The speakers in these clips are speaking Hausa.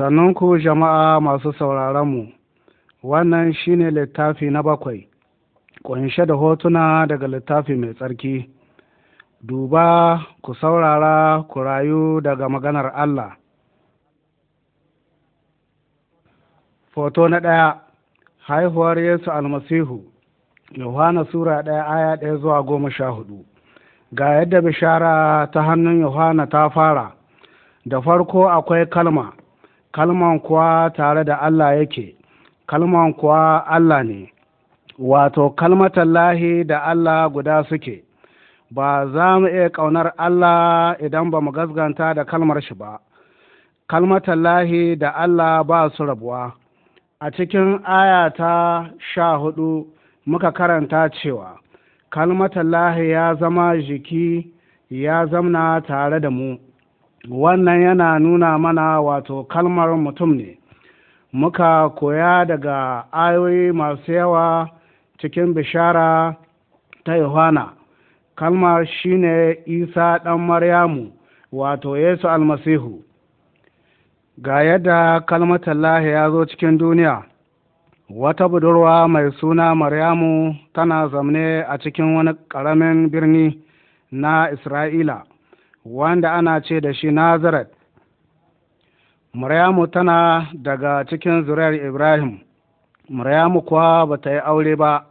sannan ku jama'a masu sauraronmu wannan shine littafi na bakwai ƙunshe da hotuna daga littafi mai tsarki duba ku saurara ku rayu daga maganar allah foto na ɗaya haihuwar yesu almasihu yohana sura ɗaya aya ɗaya zuwa goma sha hudu ga yadda bishara ta hannun yohana ta fara da farko akwai kalma kalman kuwa tare da Allah yake kalman kuwa Allah ne wato kalmatallahi lahi da Allah guda suke ba za mu iya ƙaunar Allah idan ba mu gasganta da kalmar shi ba kalmatallahi lahi da Allah ba su rabuwa a cikin ayata sha hudu muka karanta cewa kalmatallahi lahi ya zama jiki ya zamna tare da mu wannan yana nuna mana wato kalmar mutum ne muka koya daga ayoyi masu yawa cikin bishara ta yohana kalmar shine isa ɗan maryamu wato yesu almasihu ga yadda kalmar tallahi ya zo cikin duniya wata budurwa mai suna maryamu tana zamne a cikin wani ƙaramin birni na isra'ila wanda ana ce da shi nazaret muryamu tana daga cikin zuriyar ibrahim muryamu kuwa ba ta yi aure ba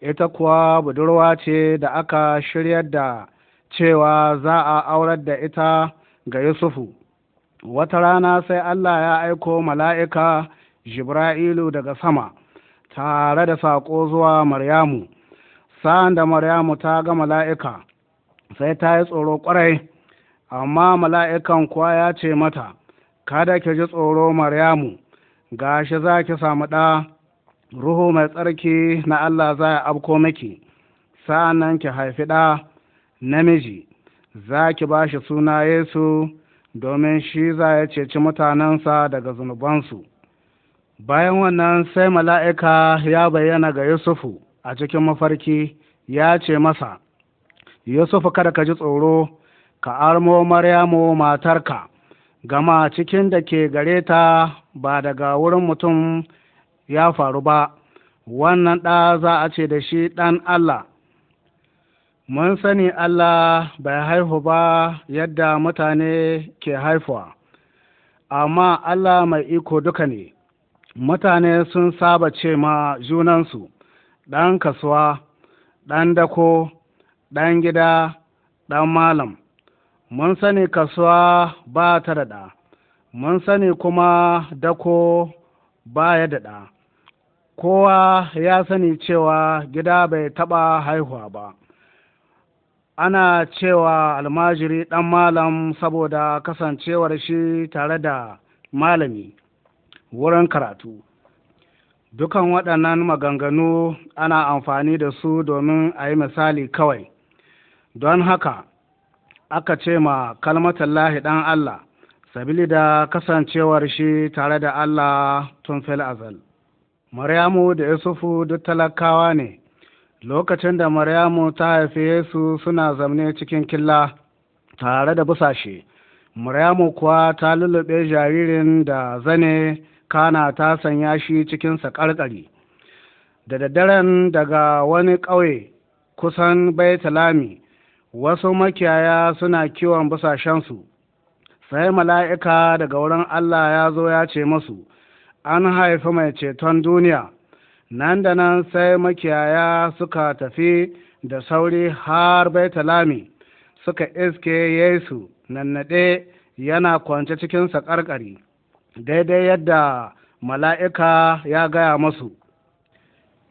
ita kuwa budurwa ce da aka shirya da cewa za a aurar da ita ga yusufu wata rana sai allah ya aiko mala'ika jibra'ilu daga sama tare da saƙo zuwa maryamu sa'an da maryamu ta ga mala'ika sai ta yi tsoro ƙwarai amma mala'ikan kuwa ya ce mata, Kada ki ji tsoro Maryamu, gashi za ki samu ɗa, Ruhu mai tsarki na Allah za a abko miki, sa'an ki haifi ɗa namiji, za ki ba shi suna Yesu domin shi za ya ceci mutanensa daga zunubansu. Bayan wannan sai mala'ika ya bayyana ga Yusufu a cikin mafarki ya ce masa, Yusufu kada ka ji tsoro. ka armo maryamu matarka gama cikin da ke gare ta ba daga wurin mutum ya faru ba wannan ɗa za a ce da shi ɗan Allah mun sani Allah bai haihu ba yadda mutane ke haifuwa amma Allah mai iko duka ne mutane sun saba ce ma junansu ɗan kasuwa ɗan dako ɗan gida ɗan malam mun sani kasuwa ba ta daɗa mun sani kuma dako ba ya daɗa kowa ya sani cewa gida bai taɓa haihuwa ba ana cewa almajiri ɗan malam saboda kasancewar shi tare da malami wurin karatu dukan waɗannan maganganu ana amfani da su domin a yi misali kawai don haka aka ce ma lahi ɗan Allah sabili da kasancewar shi tare da Allah tun fil azal Maryamu da Yusufu duk talakawa ne lokacin da Maryamu ta haifi Yesu suna zamne cikin killa tare da busashe Maryamu kuwa ta lullube jaririn da zane kana ta sanya shi cikin sakarkari da daddaren daga wani ƙauye kusan baitalami wasu makiyaya suna kiwon busashensu sai mala'ika daga wurin Allah ya zo ya ce masu an haifi mai ceton duniya nan da nan sai makiyaya suka tafi da sauri har baitalami suka iske yesu nannaɗe yana kwance cikin saƙarƙari daidai yadda mala'ika ya gaya masu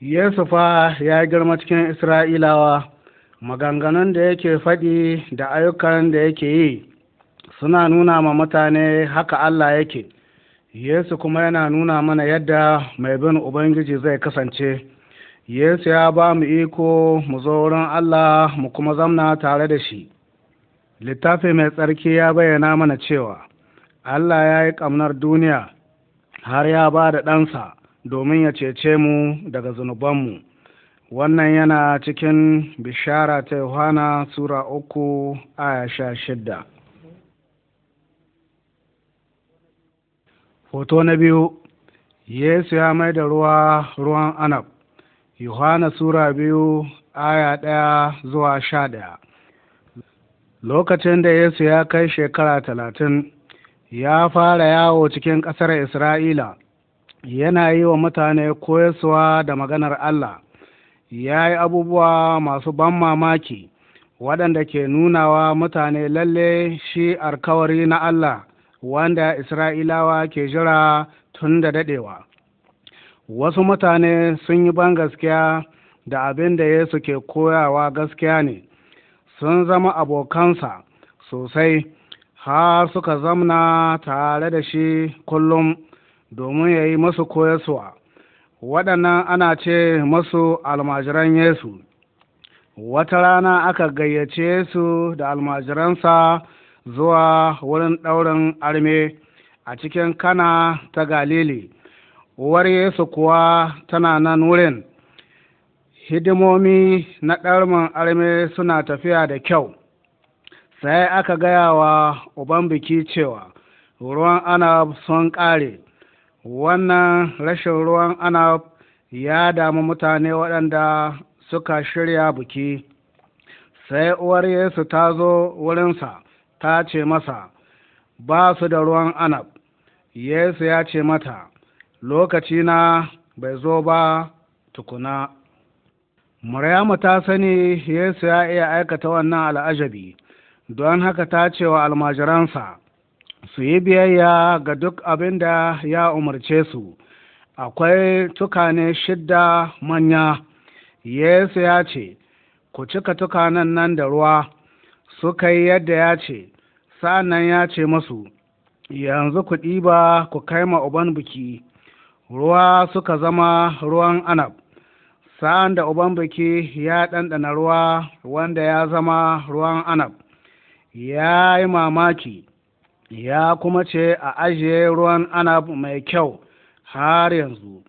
yesu fa ya girma cikin isra'ilawa maganganun da yake faɗi da ayyukan da yake yi suna nuna ma mutane haka Allah yake Yesu kuma yana nuna mana yadda mai bin Ubangiji zai kasance Yesu ya ba mu iko mu zo wurin Allah mu kuma zamna tare da shi littafi mai tsarki ya bayyana mana cewa Allah ya yi ƙamnar duniya har ya ba da ɗansa domin ya cece mu daga zunubanmu wannan yana cikin bishara ta yohana sura uku aya sha shidda hoto na biyu yesu ya mai da ruwa ruwan anab yohana sura biyu aya ɗaya zuwa sha ɗaya lokacin da yesu ya kai shekara talatin ya fara yawo cikin ƙasar isra'ila yana yi wa mutane koyaswa da maganar allah ya yi abubuwa masu ban mamaki waɗanda ke nunawa mutane lalle shi alkawari na Allah wanda Isra'ilawa ke jira tun da daɗewa. Wasu mutane sun yi ban gaskiya da abin da Yesu ke koyawa gaskiya ne, sun zama abokansa sosai har suka zamna tare da shi kullum domin ya yi masu koyaswa. waɗannan ana ce masu almajiran Yesu. Wata rana aka gayyace su da almajiransa zuwa wurin ɗaurin arme a cikin kana ta Galili, uwar Yesu kuwa tana nan wurin. Hidimomi na ɗarmin arme suna tafiya da kyau, sai aka gaya wa uban biki cewa ruwan ana sun ƙare. wannan rashin ruwan anab ya damu mutane waɗanda suka shirya buki sai uwar yesu ta zo wurinsa ta ce masa ba su da ruwan anab yesu ya ce mata lokaci na bai zo ba tukuna Maryamu ta sani Yesu ya iya aikata wannan al'ajabi, don haka ta ce wa almajiransa, su yi biyayya ga duk abin da ya umarce su akwai tukane shidda manya yesu ya ce ku cika tukanen nan da ruwa suka yi yadda ya ce sa'an ya ce masu yanzu ku ɗiba ku kai ma uban biki ruwa suka zama ruwan anab sa'an da uban biki ya ɗanɗana ruwa wanda ya zama ruwan anab ya yi mamaki ya kuma ce a ajiye ruwan anab mai kyau har yanzu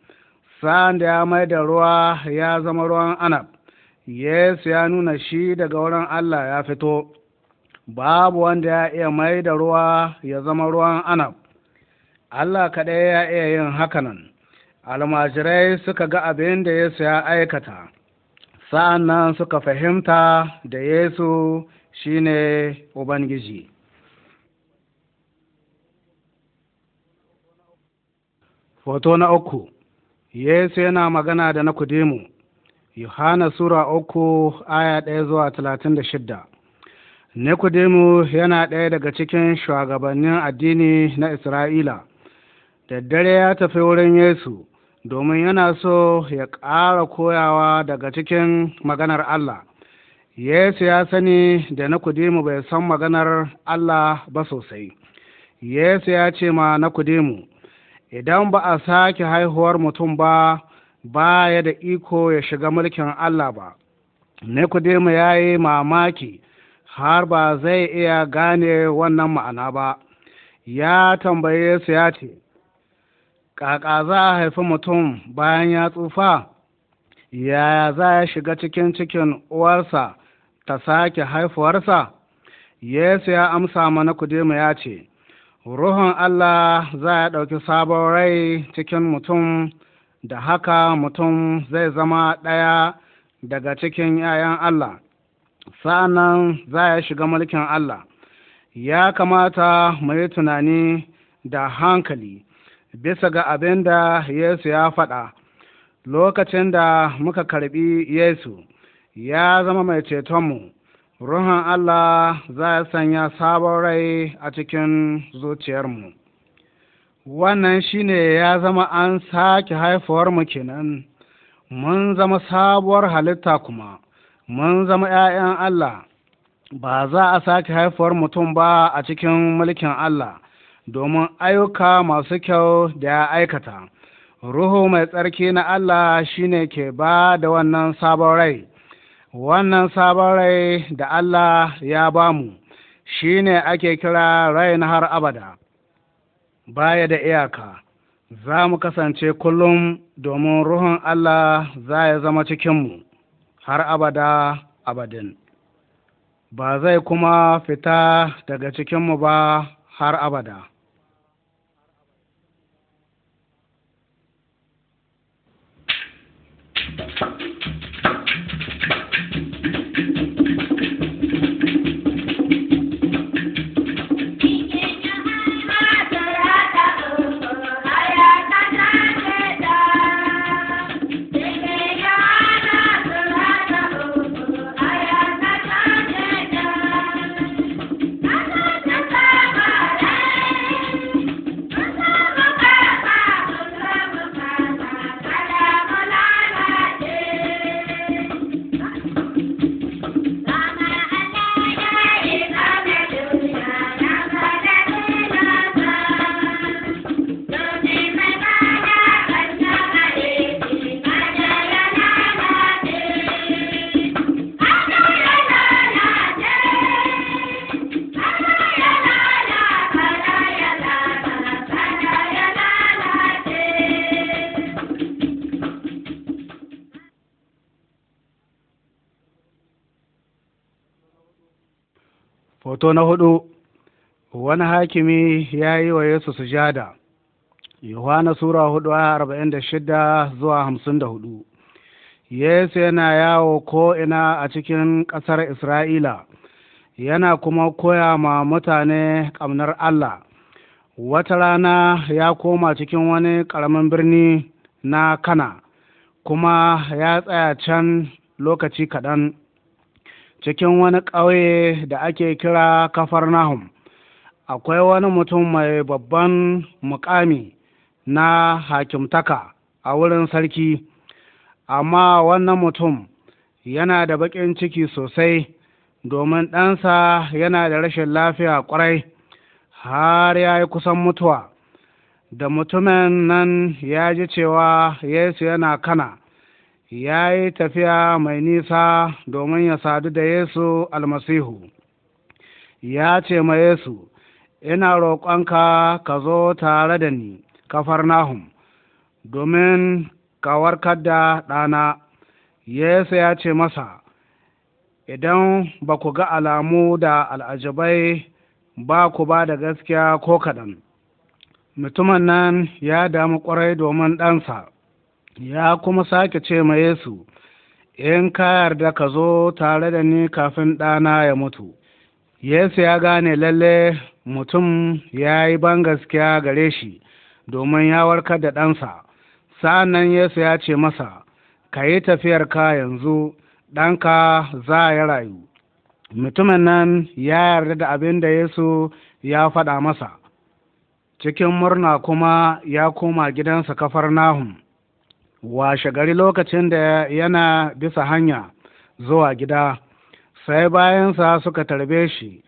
sa'an da ya mai da ruwa ya zama ruwan anab yesu ya nuna shi daga wurin allah ya fito babu wanda ya iya mai da ruwa ya zama ruwan anab allah kaɗai ya iya yin hakanan almajirai suka ga abin da yesu ya aikata sa'an nan suka fahimta da yesu shine ubangiji Hoto na uku Yesu yana magana da na kudimu Yohana Sura uku aya ɗaya zuwa talatin da shidda. Nikodimu yana ɗaya daga cikin shugabannin addini na Isra'ila, daddare ya tafi wurin Yesu domin yana so ya ƙara koyawa daga cikin maganar Allah. Yesu ya sani da na kudimu bai san maganar Allah ba sosai. Yesu ya ce ma Nikodimu, idan ba a sake haihuwar mutum ba ba ya da iko ya shiga mulkin Allah ba Nikodemu ya yi mamaki har ba zai iya gane wannan ma'ana ba ya tambaye su ya ce ƙaƙa za a haifi mutum bayan ya tsufa yaya za ya shiga cikin cikin uwarsa ta sake haifuwarsa yesu ya amsa mana kudemu ya ce ruhun Allah za ya ɗauki sabon rai cikin mutum da haka mutum zai zama ɗaya daga cikin ‘ya'yan Allah, sa'an za ya shiga mulkin Allah. Ya kamata mu yi tunani da hankali bisa ga abin da Yesu ya faɗa. Lokacin da muka karɓi Yesu, ya zama mai cetonmu, Ruhun Allah za ya sanya sabon rai a cikin zuciyarmu. Wannan shi ne ya zama an sake mu kenan, mun zama sabuwar halitta kuma, mun zama ‘ya'yan Allah, ba za a sake haifuwar mutum ba a cikin mulkin Allah, domin ayyuka masu kyau da ya aikata. Ruhu mai tsarki na Allah shi ne ke ba da wannan sabon rai. wannan sabon rai da Allah ya ba mu shi ne ake kira rai na har abada baya da iyaka za mu kasance kullum domin ruhun Allah za ya zama cikinmu har abada abadin ba zai kuma fita daga cikinmu ba har abada Thank you. hoto na hudu wani hakimi ya yi wa yesu sujada yohana sura hudu a arba'in da shida zuwa hamsin da hudu yesu yana yawo ko'ina a cikin ƙasar isra'ila yana kuma koya ma mutane ƙamnar allah wata rana ya koma cikin wani ƙaramin birni na kana kuma ya tsaya can lokaci kaɗan cikin wani ƙauye da ake kira Kafar Nahum, akwai wani mutum mai babban mukami na hakimtaka a wurin sarki amma wannan mutum yana da baƙin ciki sosai domin ɗansa yana da rashin lafiya ƙwarai har ya yi kusan mutuwa da mutumin nan ya ji cewa yesu yana kana ya yi tafiya mai nisa domin ya sadu da Yesu almasihu, ya ce ma Yesu, Ina roƙonka ka zo tare da ni, kafar nahum?' domin ka warkar da ɗana. Yesu ya ce masa, Idan ba ku ga alamu da al'ajabai ba ku ba da gaskiya ko kaɗan. Mutumin nan ya damu ƙwarai domin ɗansa. ya kuma sake ce ma Yesu, In ka yarda ka zo tare da ni kafin ɗana ya mutu. Yesu ya gane lalle mutum ya yi ban gaskiya gare shi domin ya warka da ɗansa. Sa'an Yesu ya ce masa, Ka yi tafiyarka yanzu, ɗanka za ya rayu. Mutumin nan ya yarda da abin da Yesu ya faɗa masa. Cikin murna kuma ya koma gidansa kafar Nahum. washe gari lokacin da yana bisa hanya zuwa gida sai bayansa suka tarbe shi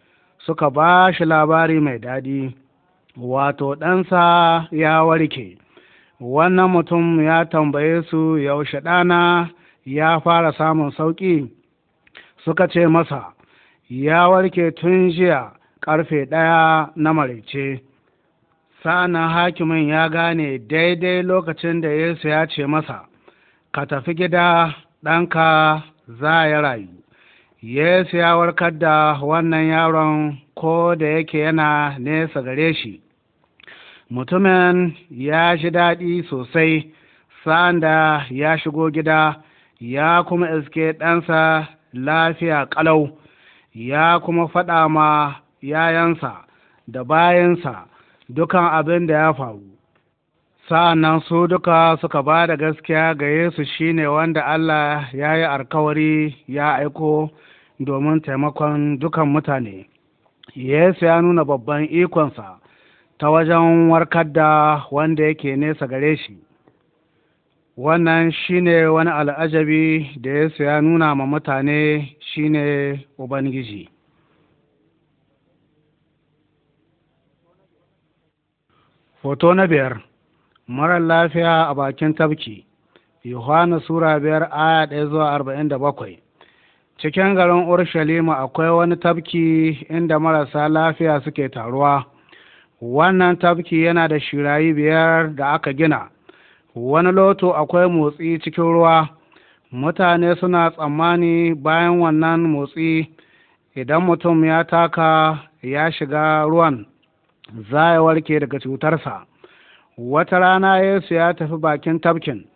suka ba shi labari mai daɗi wato ɗansa ya warke wannan mutum ya tambaye su yaushe ɗana ya fara samun sauƙi suka ce masa ya warke tun jiya ƙarfe ɗaya na maraice sa'annan hakimin ya gane daidai lokacin da Yesu ya ce masa, Ka tafi gida ɗanka za ya rayu. Yesu ya warkar da wannan yaron ko da yake yana nesa gare shi. Mutumin ya shi daɗi sosai sa'an ya shigo gida ya kuma iske ɗansa lafiya ƙalau, ya kuma faɗa ma yayansa da bayansa. dukan abin da ya faru sa'annan su duka suka ba da gaskiya ga Yesu shine wanda Allah ya yi alkawari ya aiko domin taimakon dukan mutane Yesu ya nuna babban ikonsa ta wajen warkar da wanda yake nesa gare shi wannan shine wani al'ajabi da Yesu ya nuna ma mutane shine Ubangiji. Hoto na biyar Mara lafiya a bakin tabki. Yohana Sura biyar aya ɗaya zuwa arba'in da bakwai cikin garin Urshalima akwai wani tabki inda marasa lafiya suke taruwa wannan tabki yana da shirayi biyar da aka gina wani loto akwai motsi cikin ruwa mutane suna tsammani bayan wannan motsi idan mutum ya taka ya shiga ruwan za ya warke daga cutarsa wata rana yesu ya tafi bakin tafkin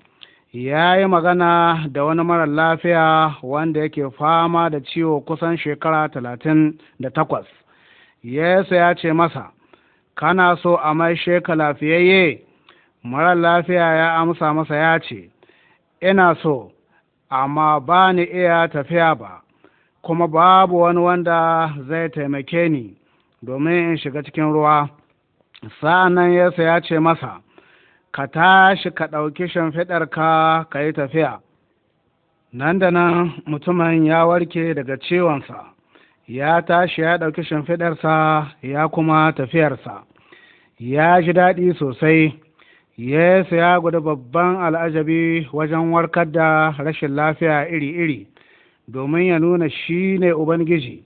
ya yi magana da wani marar lafiya wanda yake fama da ciwo kusan shekara talatin da takwas yesu ya ce masa kana so a maishe ka lafiyayye marar lafiya ya amsa masa ya ce ina so amma ba ni iya tafiya ba kuma babu wani wanda zai taimake ni domin in shiga cikin ruwa sa'annan Yesu ya ce masa ka tashi ka ɗauki shimfiɗarka ka yi tafiya nan da nan mutumin ya warke daga ciwonsa ya tashi ya ɗauki shimfiɗarsa ya kuma tafiyarsa ya ji daɗi sosai yesu ya gudu babban al'ajabi wajen warkar da rashin lafiya iri-iri domin ya nuna shi ne ubangiji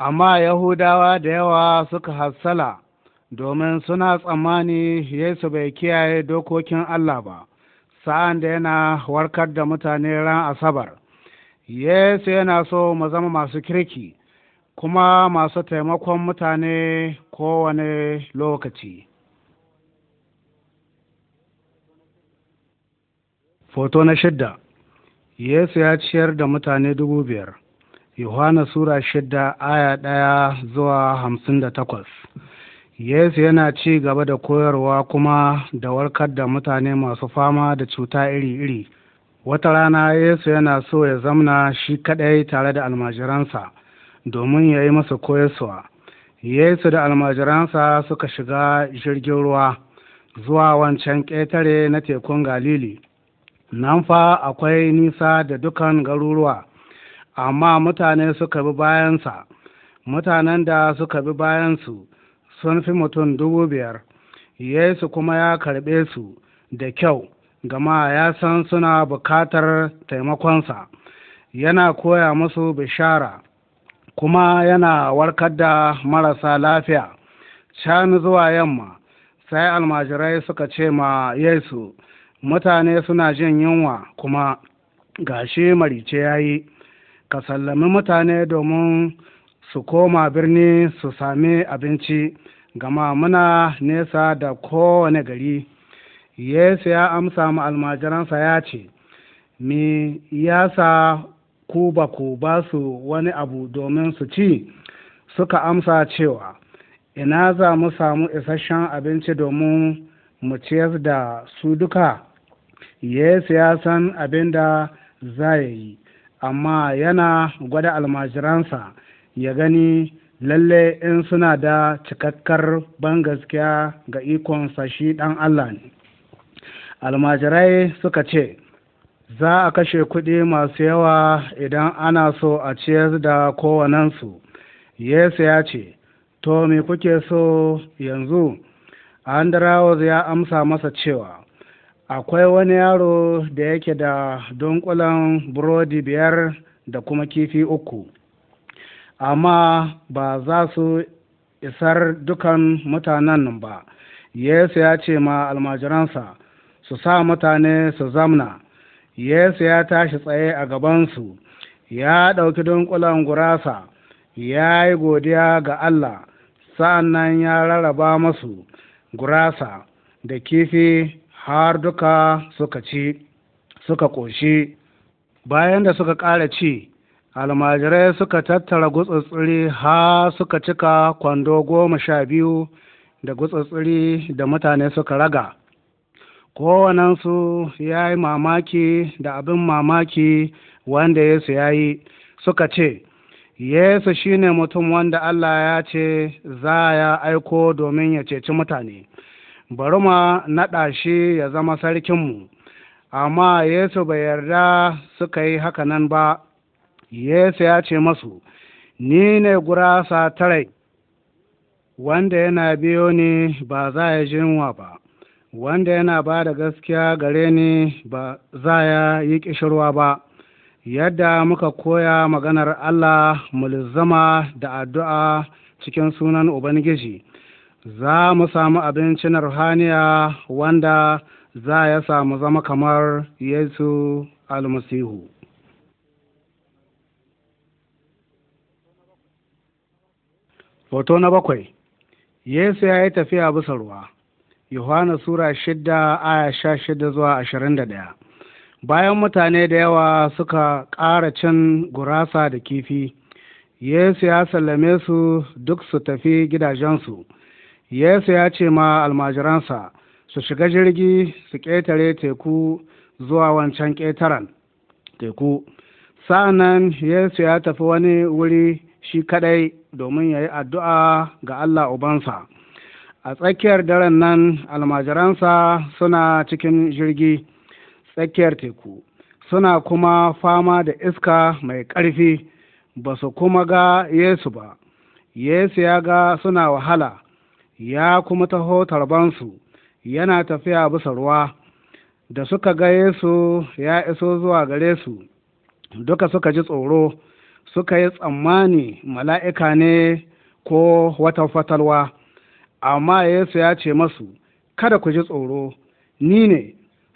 amma Yahudawa da yawa suka hassala domin suna tsammani Yesu bai kiyaye dokokin Allah ba, sa'an da yana warkar da mutane ran Asabar. Yesu yana so mu zama masu kirki kuma masu taimakon mutane kowane lokaci. Foto na shidda Yesu ya ciyar da mutane dubu biyar. Yohana Sura shida aya ɗaya zuwa hamsin da takwas. Yesu yana ci gaba da koyarwa kuma da warkar da mutane masu fama da cuta iri-iri. Wata rana Yesu yana so ya zamna shi kaɗai tare da almajiransa domin ya yi masa koyarwa. Yesu da almajiransa suka shiga jirgin ruwa zuwa wancan ƙetare na tekun Galili. Nan fa akwai nisa da dukan garuruwa. amma mutane suka bi bayansa mutanen da suka bi bayansu sun fi mutum dubu biyar yesu kuma ya karɓe su da kyau gama ya san suna bukatar taimakonsa yana koya musu bishara kuma yana warkar da marasa lafiya can zuwa yamma sai almajirai suka ce ma yesu mutane suna jin yunwa kuma gashi marice ya yi ka sallami mutane domin su koma birni su sami abinci gama muna nesa da kowane gari yesu ya amsa mu almajiransa ya ce me yasa ku ba ku ba su wani abu domin su ci suka amsa cewa ina za mu samu isasshen abinci domin mu ciyar da su duka yesu ya san abin da za yi amma yana gwada almajiransa ya gani lalle in suna da cikakkar ban gaskiya ga ikonsa shi ɗan Allah ne. Almajirai suka ce, Za a kashe kuɗi masu yawa idan ana so a ciyar da kowanensu. Yesu ya ce, To me kuke so yanzu? Andrawus ya amsa masa cewa, akwai wani yaro da yake da dunkulan burodi biyar da kuma kifi uku amma ba za su isar dukan mutanen ba yesu ya ce ma almajiransa su sa mutane su zamna yesu ya tashi tsaye a gabansu ya ɗauki dunkulan gurasa ya yi godiya ga allah sa'an nan ya rarraba masu gurasa da kifi har duka suka ci suka ƙoshi bayan da suka ƙara ci almajirai suka tattara gutsatsiri ha suka cika kwando goma sha biyu da gutsatsiri da mutane suka raga kowanensu ya yi mamaki da abin mamaki wanda yesu ya yi suka ce yesu shine mutum wanda allah ya ce za ya aiko domin ya ceci mutane bari ma naɗa shi ya zama sarkinmu amma yesu bai yarda suka yi nan ba yesu ya ce masu ni ne gurasa tarai wanda yana biyo ni ba za ya jinwa ba wanda yana ba da gaskiya gare ni ba za ya yi ƙishirwa ba yadda muka koya maganar allah mulzama da addu'a cikin sunan ubangiji za mu samu abincin ruhaniya wanda za ya samu zama kamar Yesu almasihu. Foto na bakwai Yesu ya yi tafiya bisa ruwa, Yohana Sura shida aya sha shida zuwa ashirin da ɗaya. Bayan mutane da yawa suka ƙara cin gurasa da kifi, Yesu ya sallame su duk su tafi gidajensu. Yesu ya ce ma almajiransa su shiga jirgi su ƙetare teku zuwa wancan ƙetaren teku. Sa'an Yesu ya tafi wani wuri shi kaɗai domin ya yi addu'a ga Allah Ubansa. A tsakiyar daren nan almajiransa suna cikin jirgi tsakiyar teku, suna kuma fama da iska mai ƙarfi, ba su kuma ga Yesu ba. Yesu ya ga suna wahala. ya kuma taho tarbansu yana tafiya bisa ruwa da suka ga Yesu ya iso zuwa gare su duka suka ji tsoro suka yi tsammani mala'ika ne ko wata fatalwa amma Yesu ya ce masu kada ku ji tsoro ni ne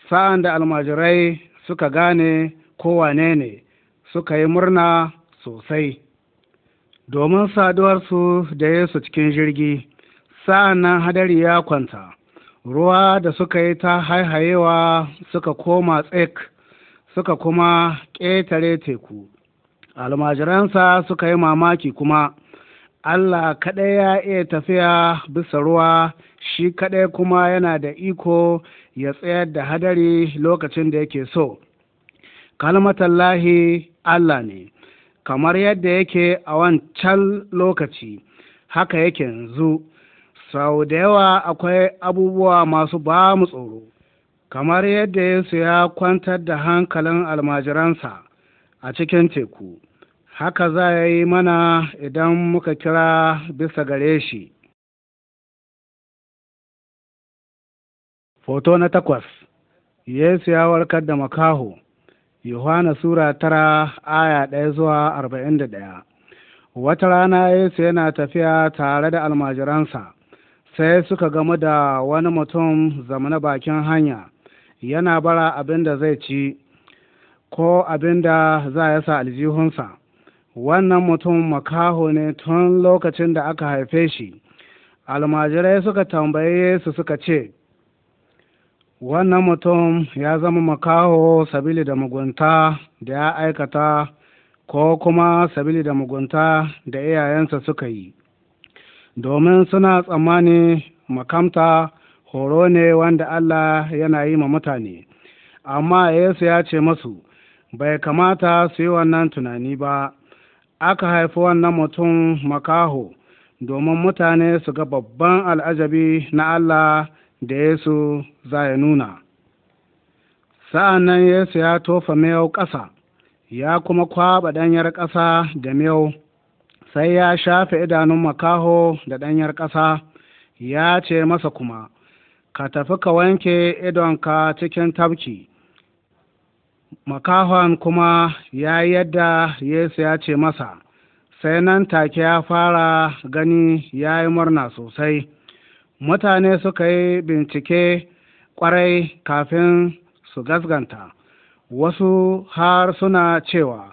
sa'an da almajirai suka gane kowane ne suka yi murna sosai domin saduwarsu da Yesu cikin jirgi nan hadari ya kwanta ruwa da suka yi ta haihayewa suka koma tsek suka kuma ƙetare teku almajiransa suka yi mamaki kuma allah kaɗai ya iya tafiya bisa ruwa shi kaɗai kuma yana da iko ya tsayar da hadari lokacin da yake so kalmatallahi allah ne kamar yadda yake a wancan lokaci haka yake yanzu sau da yawa akwai abubuwa masu ba mu tsoro kamar yadda yesu ya kwantar da hankalin almajiransa a cikin teku haka za ya yi mana idan muka kira bisa gare shi Foto na takwas Yesu ya warkar da makaho, Yohana Sura tara aya ɗaya zuwa arba'in da ɗaya. Wata rana Yesu yana tafiya tare da almajiransa, sai suka gamu da wani mutum zamana bakin hanya yana bara abin da zai ci ko abin da za ya sa aljihunsa wannan mutum makaho ne tun lokacin da aka haife shi almajirai suka tambaye su suka ce wannan mutum ya zama makaho sabili da mugunta da ya aikata ko kuma sabili da mugunta da iyayensa suka yi domin suna tsammani makamta horo ne wanda Allah yana yi ma mutane amma Yesu ya ce masu bai kamata su yi wannan tunani ba aka haifi wannan mutum makaho domin mutane su ga babban al'ajabi na Allah da Yesu za ya nuna sa'an Yesu ya tofa miyau ƙasa ya kuma kwaɓa ɗanyar ƙasa da miyau sai ya shafe idanun makaho da ɗanyar ƙasa ya ce masa kuma ka tafi ka wanke idonka cikin tabki makahon kuma ya yadda yesu ya ce masa sai nan take ya fara gani ya yi murna sosai mutane suka yi bincike kwarai kafin su gasganta wasu har suna cewa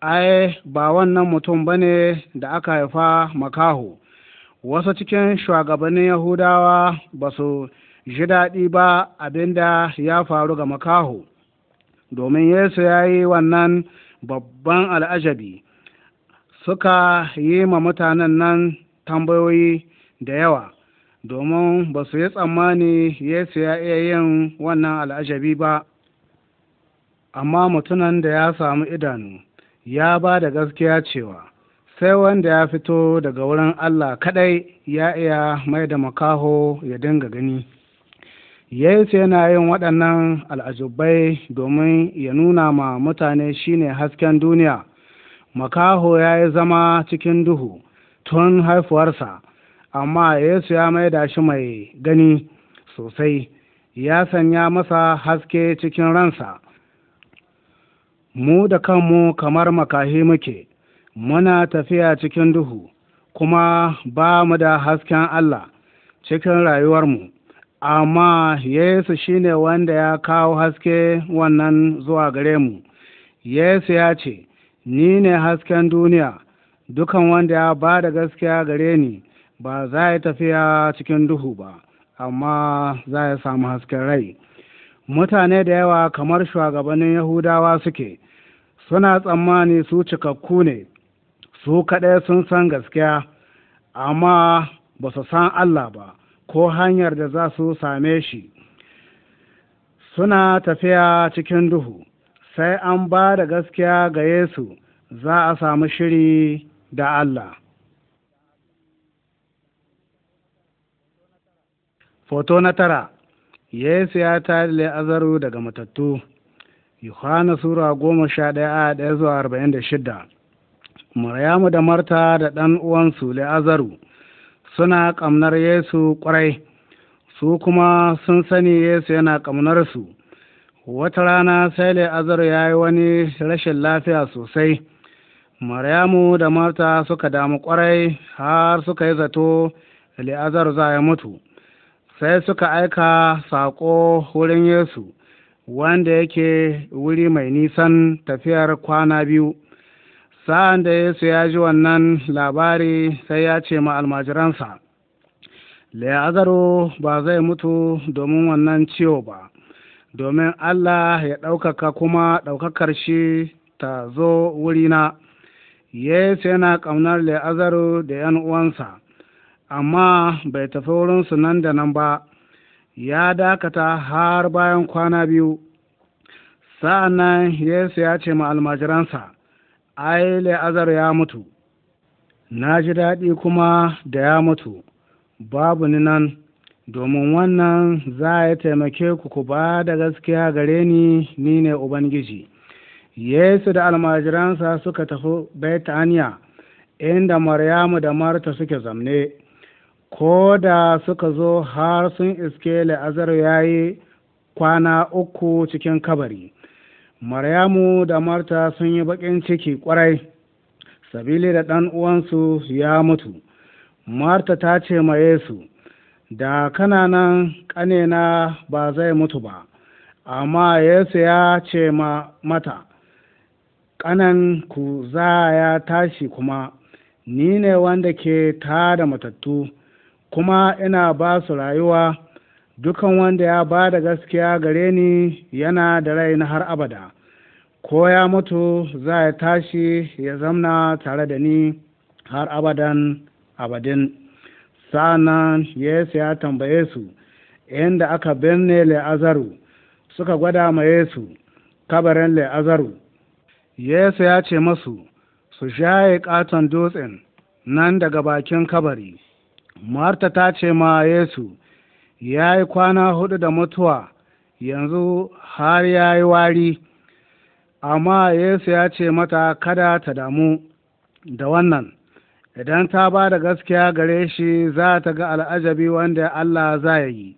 ai ba wannan mutum ba ne da aka haifa makaho wasu cikin shugabannin yahudawa ba su ji daɗi ba abinda ya faru ga makaho domin yesu ya yi wannan babban al'ajabi suka yi ma mutanen nan tambayoyi da yawa domin ba su yi tsammani yesu ya iya yin wannan al'ajabi ba amma mutunan da ya samu idanu ya ba da gaskiya cewa sai wanda ya fito daga wurin Allah kaɗai ya iya mai da makaho ya dinga gani. Yesu yana yin waɗannan al'ajubai domin ya nuna ma mutane shine hasken duniya. Makaho ya yi zama cikin duhu tun haifuwarsa, amma Yesu ya maida shi mai gani sosai, ya sanya masa haske cikin ransa. mu da kanmu kamar makahi muke muna tafiya cikin duhu kuma ba mu da hasken Allah cikin rayuwarmu amma Yesu shine wanda ya kawo haske wannan zuwa gare mu Yesu ya ce ni ne hasken duniya dukan wanda ya ba da gaskiya gare ni ba za ya tafiya cikin duhu ba amma za ya samu hasken rai mutane da yawa kamar shugabannin yahudawa suke suna tsammani su cikakku ne su kaɗai sun san gaskiya amma ba su san allah ba ko hanyar da za su same shi suna tafiya cikin duhu sai an ba da gaskiya ga yesu za a samu shiri da allah foto na tara Yesu ya tare la'azar daga matattu. Yohana Sura goma sha ɗaya a ɗaya zuwa arba'in da shida. Maryamu da Marta da ɗan uwansu azaru suna ƙamnar Yesu ƙwarai, su kuma sun sani Yesu yana ƙamnar su. Wata rana sai la'azar ya yi wani rashin lafiya sosai. Maryamu da Marta suka damu ƙwarai har suka yi zato azaru za ya mutu. sai suka aika saƙo wurin Yesu wanda yake wuri mai nisan tafiyar kwana biyu. Sa'an da Yesu ya ji wannan labari sai ya ce ma almajiransa, Le'azaro ba zai mutu domin wannan ciwo ba, domin Allah ya ɗaukaka kuma ɗaukakar shi ta zo wurina. Yesu yana ƙaunar Le'azaro da ‘yan uwansa, amma bai tafi wurinsu nan da nan ba ya dakata har bayan kwana biyu nan, yesu ya ce ma almajiransa ai la'azar ya mutu na ji daɗi kuma da ya mutu babu ni nan domin wannan za a yi taimake ku ku ba da gaskiya gare ni ni ne ubangiji yesu da almajiransa suka tafi betaniya inda maryamu da marta suke zamne ko da suka zo har sun iske la'azar ya yi kwana uku cikin kabari maryamu da marta sun yi bakin ciki kwarai, sabili da ɗan uwansu ya mutu marta ta ce ma yesu da kananan ƙanena ba zai mutu ba amma yesu ya ce ma mata ƙanan ku za ya tashi kuma ni ne wanda ke tada matattu kuma ina ba su rayuwa dukan wanda ya ba da gaskiya gare ni yana da rai na har abada ko ya mutu za ya tashi ya zamna tare da ni har abadan abadin sa'annan yesu ya tambaye su inda aka binne le'azaru suka gwada ma yesu kabarin le'azaru yesu ya ce masu su shaye katon dutsen nan daga bakin kabari marta ta ce ma yesu ya yi kwana hudu da mutuwa yanzu har ya yi wari amma yesu ya ce mata kada ta damu da wannan idan ta ba da gaskiya gare shi za ta ga al'ajabi wanda allah za ya yi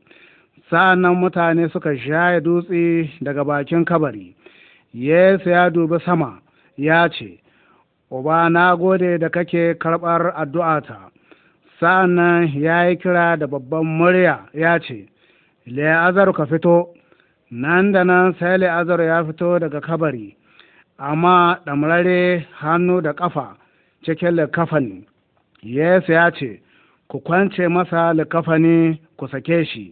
nan mutane suka shaye dutse daga bakin kabari yesu ya dubi sama ya ce uba na gode da kake karɓar addu'ata sa'annan ya yi kira da babban murya ya ce le'azar ka fito nan da nan sai le'azar ya fito daga kabari amma ɗamrare hannu da ƙafa cikin likafani yesu ya ce ku kwance masa likafani ku sake shi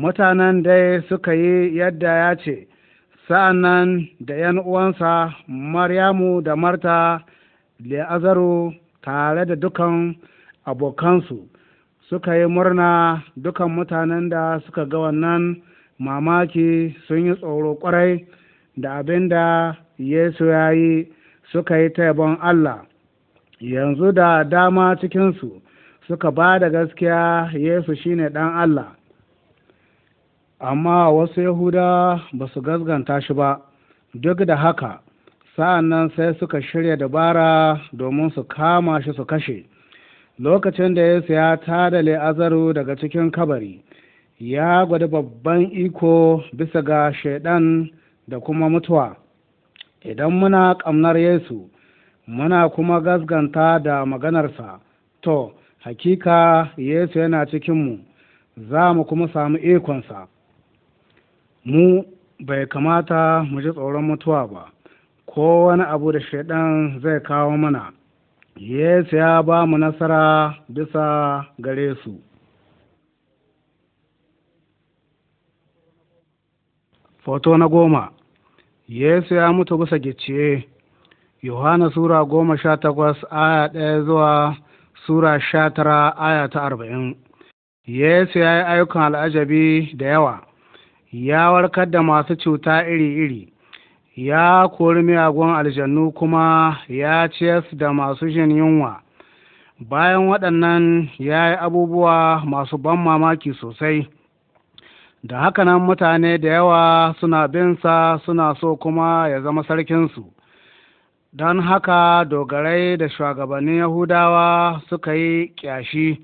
mutanen dai suka yi yadda ya ce sa'annan da ‘yan uwansa maryamu da marta le'azaru tare da dukan abokansu suka yi murna dukan mutanen da suka ga wannan mamaki sun yi tsoro kwarai da abin da yesu ya yi suka yi taibon allah yanzu da dama cikinsu suka ba da gaskiya yesu shine dan allah amma wasu yahuda ba su gasganta shi ba duk da haka sa'an sai suka shirya dabara domin su kama shi su kashe lokacin da yesu ya tada azaru daga cikin kabari ya gwada babban iko bisa ga shaiɗan da kuma mutuwa idan muna ƙamnar yesu muna kuma gasganta da maganarsa to hakika yesu yana cikinmu za mu kuma samu ikonsa mu bai kamata mu ji tsoron mutuwa ba ko wani abu da shaiɗan zai kawo mana Yesu ya ba mu nasara bisa gare su. Foto na goma Yesu ya mutu bisa gicciye, Yohana Sura goma sha takwas aya ɗaya zuwa Sura sha tara aya ta arba'in. Yesu ya yi ayyukan al'ajabi da yawa, ya warkar da masu cuta iri-iri. ya kori miyagun aljannu kuma ya ciyas da masu jin yunwa bayan waɗannan ya yi abubuwa masu ban mamaki sosai da hakanan mutane da yawa suna bin sa suna so kuma ya zama sarkinsu don haka dogarai da shugabannin yahudawa suka yi ƙyashi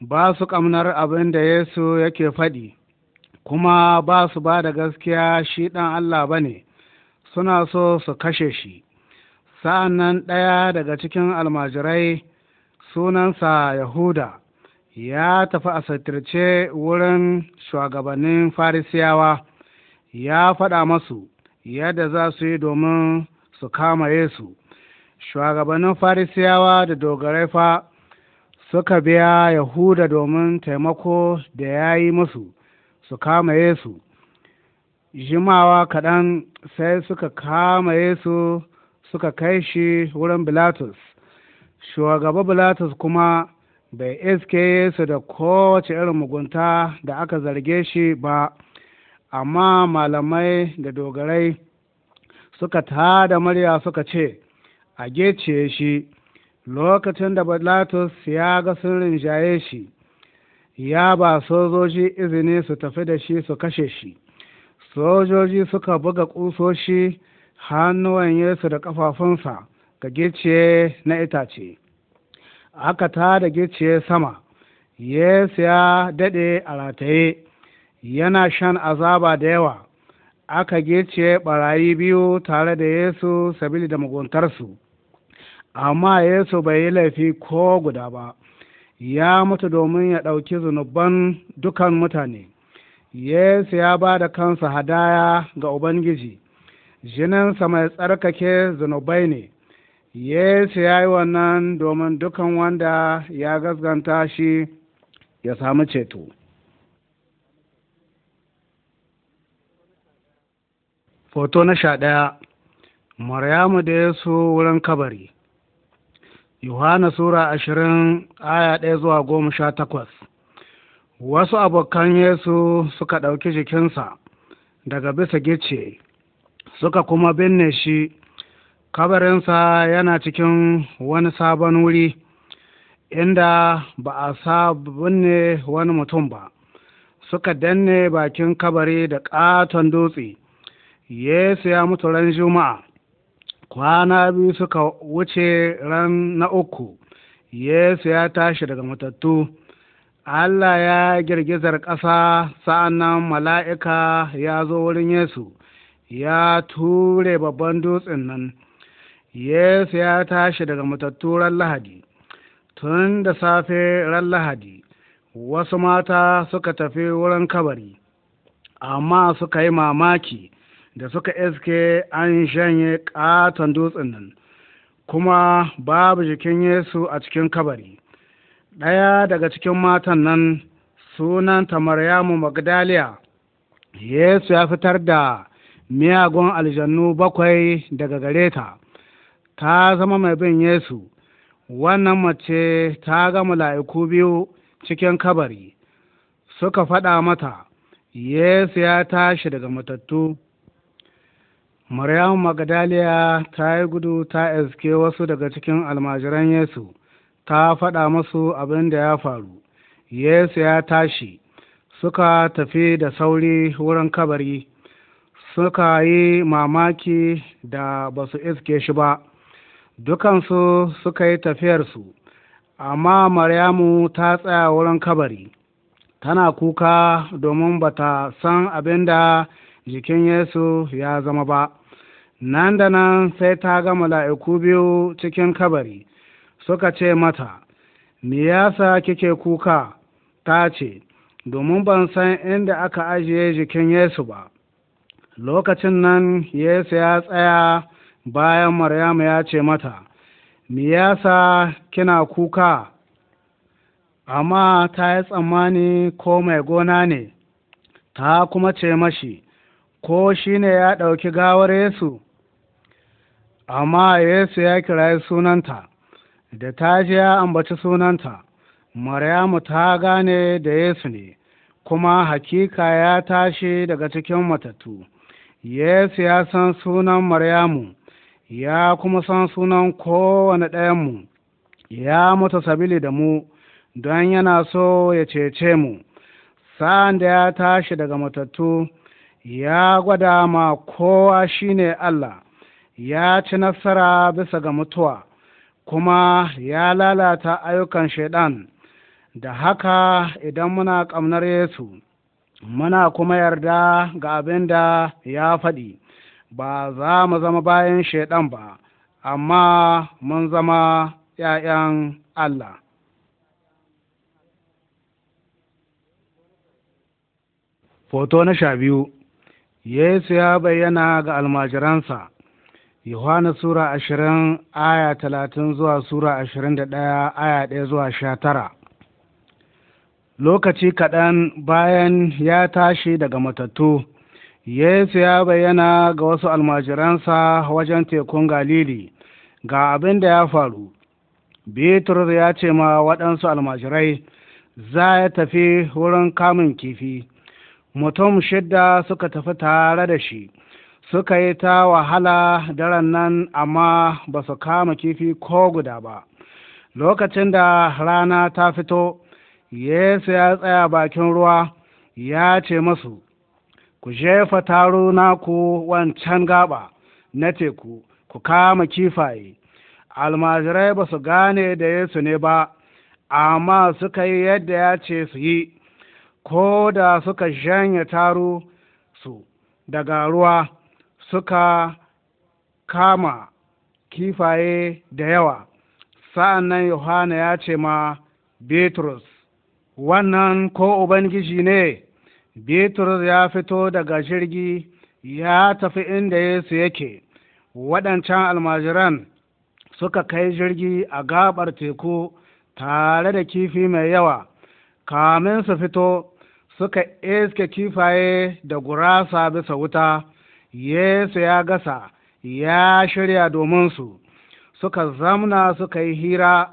ba su ƙamnar abin da yesu yake faɗi kuma ba su ba da gaskiya shi ɗan allah ba ne suna so su kashe shi sa'an nan ɗaya daga cikin almajirai sunansa yahuda ya tafi a satirce wurin shugabannin farisiyawa ya faɗa masu yadda za su yi domin su kama yesu shugabannin farisiyawa da dogarai fa suka biya yahuda domin taimako da ya yi musu su kama yesu jimawa kaɗan sai suka kama Yesu suka kai shi wurin Bilatus. Shugaba Bilatus kuma bai iske Yesu da kowace irin mugunta da aka zarge shi ba, amma malamai da dogarai suka tada murya suka ce, a gece shi, lokacin da Bilatus ya ga sun rinjaye shi, ya ba sojoji izini su tafi da shi su kashe shi. sojoji suka buga ƙusoshi hannuwan Yesu da ƙafafunsa ga gicciye na itace aka ta da gicciye sama Yesu ya daɗe a rataye yana shan azaba da yawa aka gicciye ɓarayi biyu tare da Yesu sabili da muguntarsu amma Yesu bai yi laifi ko guda ba ya mutu domin ya ɗauki zunuban dukan mutane Yesu ya ba da kansa hadaya ga Ubangiji, jininsa mai tsarkake zunubai ne, Yesu ya yi wannan domin dukan wanda ya gasganta shi ya samu ceto. Foto na sha ɗaya Maryamu da Yesu wurin kabari Yohana Sura ashirin aya ɗaya zuwa goma sha takwas wasu abokan yesu suka ɗauki jikinsa daga bisa gice suka kuma binne shi kabarinsa yana cikin wani sabon wuri inda ba a binne wani mutum ba suka danne bakin kabari da ƙaton dutse yesu ya mutu ran juma'a kwana biyu suka wuce ran na uku yesu ya tashi daga matattu Allah ya girgizar ƙasa nan mala'ika ya zo wurin Yesu ya ture babban dutsen nan Yesu ya tashi daga matattu ran Lahadi tun da safe ran Lahadi wasu mata suka tafi wurin kabari amma suka yi mamaki da suka iske an shanye ƙaton dutsen nan kuma babu jikin Yesu a cikin kabari ɗaya daga cikin matan nan sunanta maryamu magdaliya yesu ya fitar da miyagun aljannu bakwai daga gare ta ta zama mai bin yesu wannan mace ta ga mala'iku biyu cikin kabari suka faɗa mata yesu ya tashi daga matattu maryamu magdaliya ta yi gudu ta iske wasu daga cikin almajiran yesu ta faɗa masu abin da ya faru yesu ya tashi suka tafi da sauri wurin kabari suka yi mamaki da ba su iske shi ba dukansu suka yi tafiyarsu amma maryamu ta tsaya wurin kabari tana kuka domin ba ta san abin da jikin yesu ya zama ba nan da nan sai ta gama mala'iku biyu cikin kabari suka ce mata me yasa kike kuka ta ce domin ban san inda aka ajiye jikin yesu ba lokacin nan yesu ya tsaya bayan maryamu ya ce mata me yasa kina kuka amma ta yi tsammani ko mai gona ne ta kuma ce mashi ko shi ne ya ɗauki gawar yesu amma yesu ya kira sunanta da ta ji ya ambaci sunanta maryamu ta gane da yesu ne kuma hakika ya tashi daga cikin matattu yesu ya san sunan maryamu ya kuma san sunan kowane ɗayanmu ya mutu sabili da mu don yana so ya cece mu sa'an da ya tashi daga matattu ya gwada ma kowa shine Allah ya ci nasara bisa ga mutuwa kuma ya lalata ayyukan shaidan da haka idan muna ƙamnar yesu muna kuma yarda ga abin da ya faɗi ba za mu zama bayan shaidan ba amma mun zama ‘ya'yan Allah. Foto na sha biyu Yesu ya bayyana ga almajiransa Yohana Sura ashirin aya talatin zuwa Sura ashirin da ɗaya aya ɗaya zuwa sha tara. Lokaci kaɗan bayan ya tashi daga matattu, Yesu ya bayyana ga wasu almajiransa wajen tekun Galili ga abin da ya faru. Bitrus ya ce ma waɗansu almajirai, za ya tafi wurin kamun kifi, mutum shidda suka tafi tare da shi. suka yi ta wahala daren nan amma ba su kama kifi ko guda ba lokacin da rana ta fito yesu ya tsaya bakin ruwa ya ce masu ku jefa taro naku wancan gaba na teku ku kama kifaye almajirai ba su gane da yesu ne ba amma suka yi yadda ya ce su yi ko da suka shanya taro su daga ruwa suka kama kifaye da yawa sa'an nan yohana ya ce ma bitrus wannan ko ubangiji ne bitrus ya fito daga jirgi ya tafi inda yesu yake waɗancan almajiran suka kai jirgi a gabar teku tare da kifi mai yawa kamin su fito suka iske kifaye da gurasa bisa wuta Yesu ya gasa ya shirya domin su suka zamna suka yi hira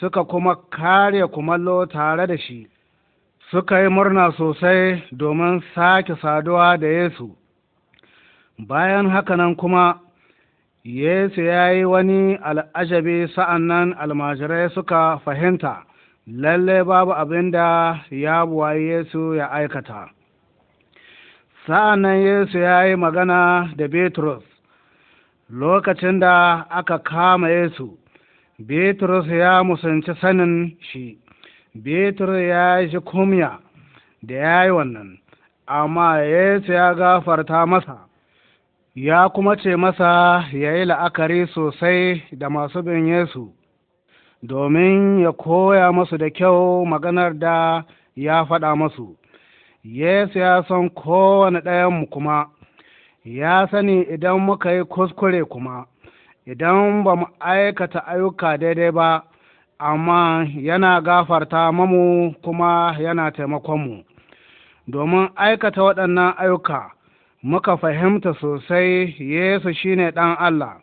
suka kuma kare kumallo tare da shi suka yi murna sosai domin sake saduwa da Yesu bayan hakanan kuma Yesu ya yi wani al'ajabi sa'an nan almajirai suka fahimta lalle babu abin da ya buwa Yesu ya aikata. sa'an nan Yesu ya yi magana da Bitrus lokacin da aka kama Yesu, Bitrus ya musanci sanin shi, Bitrus ya yi kumya da ya yi wannan, amma Yesu ya gafarta masa, ya kuma ce masa ya yi la'akari sosai da masu bin Yesu, domin ya koya masu da kyau maganar da ya faɗa masu. Yesu ya san kowane ɗayanmu kuma, ya sani idan muka yi kuskure kuma, idan ba mu aikata ayyuka daidai ba, amma yana gafarta mamu kuma yana taimakonmu. Domin aikata waɗannan ayyuka, muka fahimta sosai Yesu shine ɗan Allah.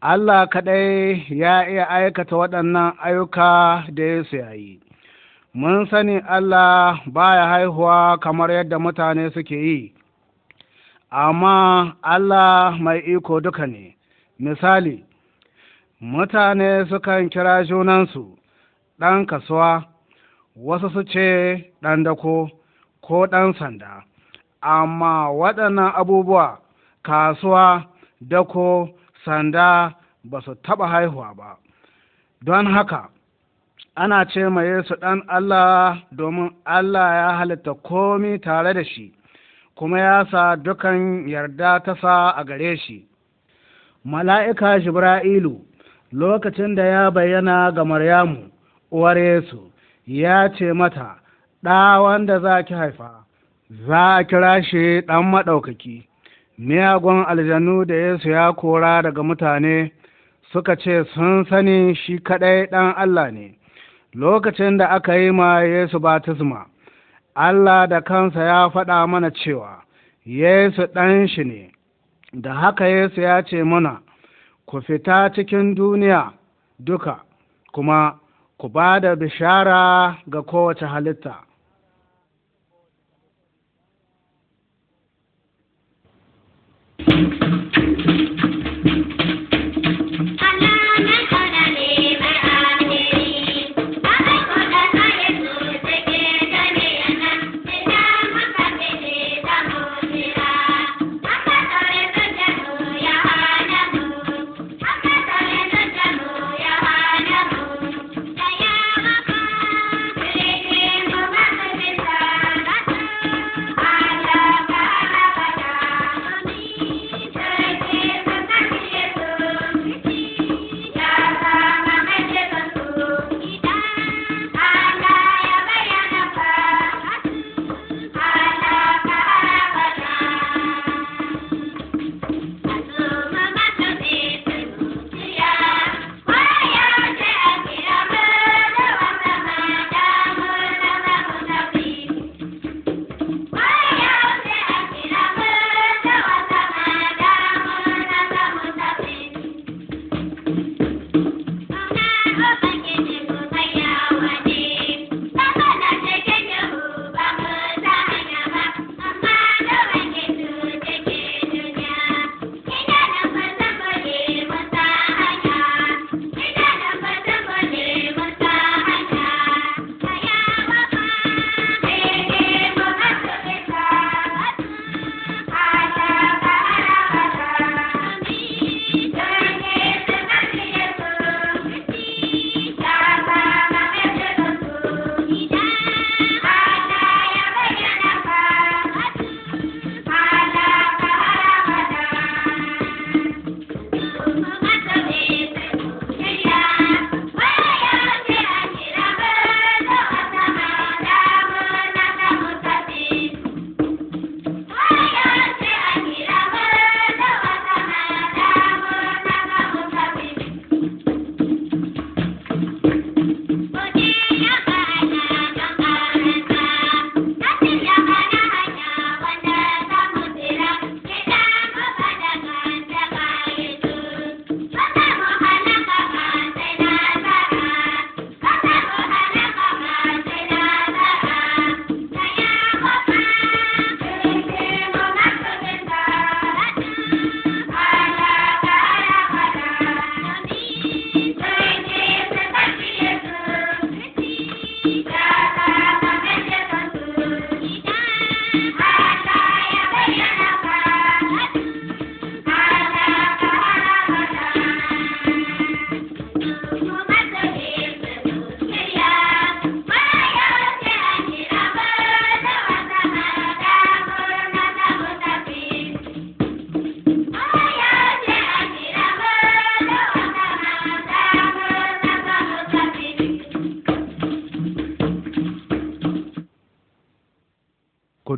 Allah kaɗai ya iya aikata waɗannan ayyuka da Yesu ya yi. mun sani Allah baya haihuwa kamar yadda mutane suke yi amma Allah mai iko duka ne misali mutane sukan kira junansu ɗan kasuwa wasu su ce ɗan dako ko ɗan sanda amma waɗannan abubuwa kasuwa dako sanda ba su taɓa haihuwa ba don haka ana ce ma Yesu ɗan Allah domin Allah ya halitta komi tare da shi, kuma ya sa dukan yarda ta sa a gare shi. Mala'ika Jibra'ilu lokacin da ya bayyana ga Maryamu, uwar Yesu, ya ce mata, ɗa wanda za ki haifa, za a kira shi ɗan maɗaukaki. Miyagun aljanu da Yesu ya kora daga mutane suka ce sun sani shi kaɗai ɗan Allah ne. lokacin da aka yi ma Yesu batisma, Allah da kansa ya faɗa mana cewa Yesu ɗan shi ne, da haka Yesu ya ce mana, ku fita cikin duniya duka, kuma ku ba da bishara ga kowace halitta.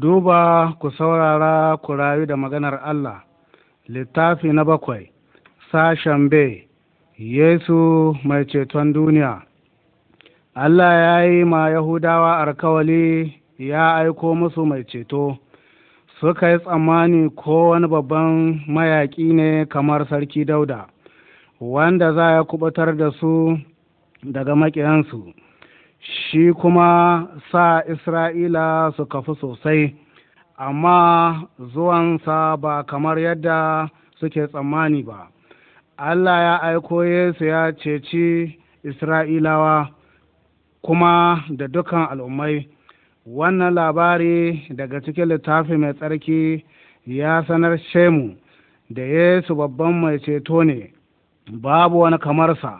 duba ku saurara ku rayu da maganar Allah littafi na bakwai sashen be Yesu mai ceton duniya Allah ya yi ma Yahudawa alkawali ya aiko musu mai ceto suka yi tsammani ko wani babban mayaƙi ne kamar sarki dauda wanda za ya kubatar da su daga maƙiyansu shi kuma sa isra'ila su kafi sosai amma zuwansa ba kamar yadda suke tsammani ba allah ya aiko yesu ya ceci isra'ilawa kuma da dukan al'ummai wannan labari daga cikin littafi mai tsarki ya sanar shemu da yesu babban mai ceto ne babu wani kamarsa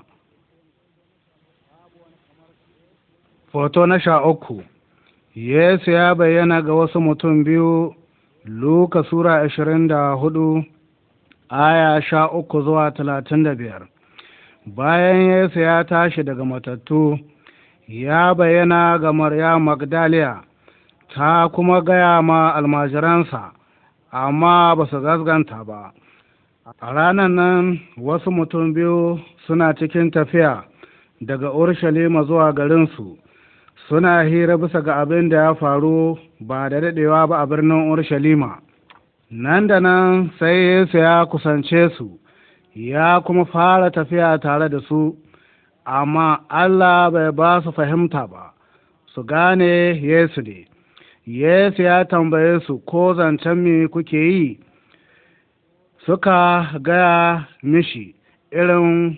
Foto na sha uku Yesu ya bayyana ga wasu mutum biyu Luka Sura ashirin da hudu aya sha uku zuwa talatin da biyar. Bayan Yesu ya tashi daga matattu, ya bayyana ga Maryam Magdaliya, ta kuma gaya ma almajiransa, amma ba su gasganta ba. A ranar nan wasu mutum biyu suna cikin tafiya daga Urshalima zuwa garinsu, suna hira bisa ga abin da ya faru ba da daɗewa ba a birnin Urshalima. Nan da nan sai Yesu ya kusance su, ya kuma fara tafiya tare da su, amma Allah bai ba su fahimta ba, su gane Yesu ne. Yesu ya tambaye su ko zancen me kuke yi, suka gaya mishi irin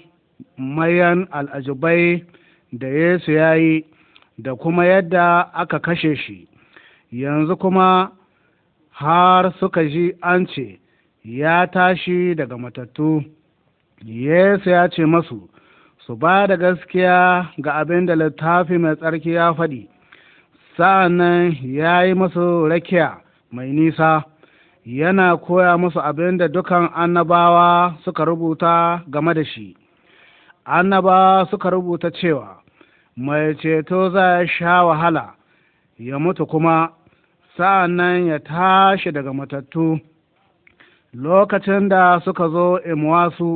mayan al'ajibai da Yesu ya yi. da kuma yadda aka kashe shi yanzu kuma har suka ji an ce ya tashi daga matattu yesu ya ce masu su ba da gaskiya ga abin da littafi mai tsarki ya faɗi sa'annan ya yi masu rakiya mai nisa yana koya musu abin da dukan annabawa suka rubuta game da shi annabawa suka rubuta cewa mai ceto zai sha wahala ya mutu kuma sa'an nan ya tashi daga matattu lokacin da suka zo imuwasu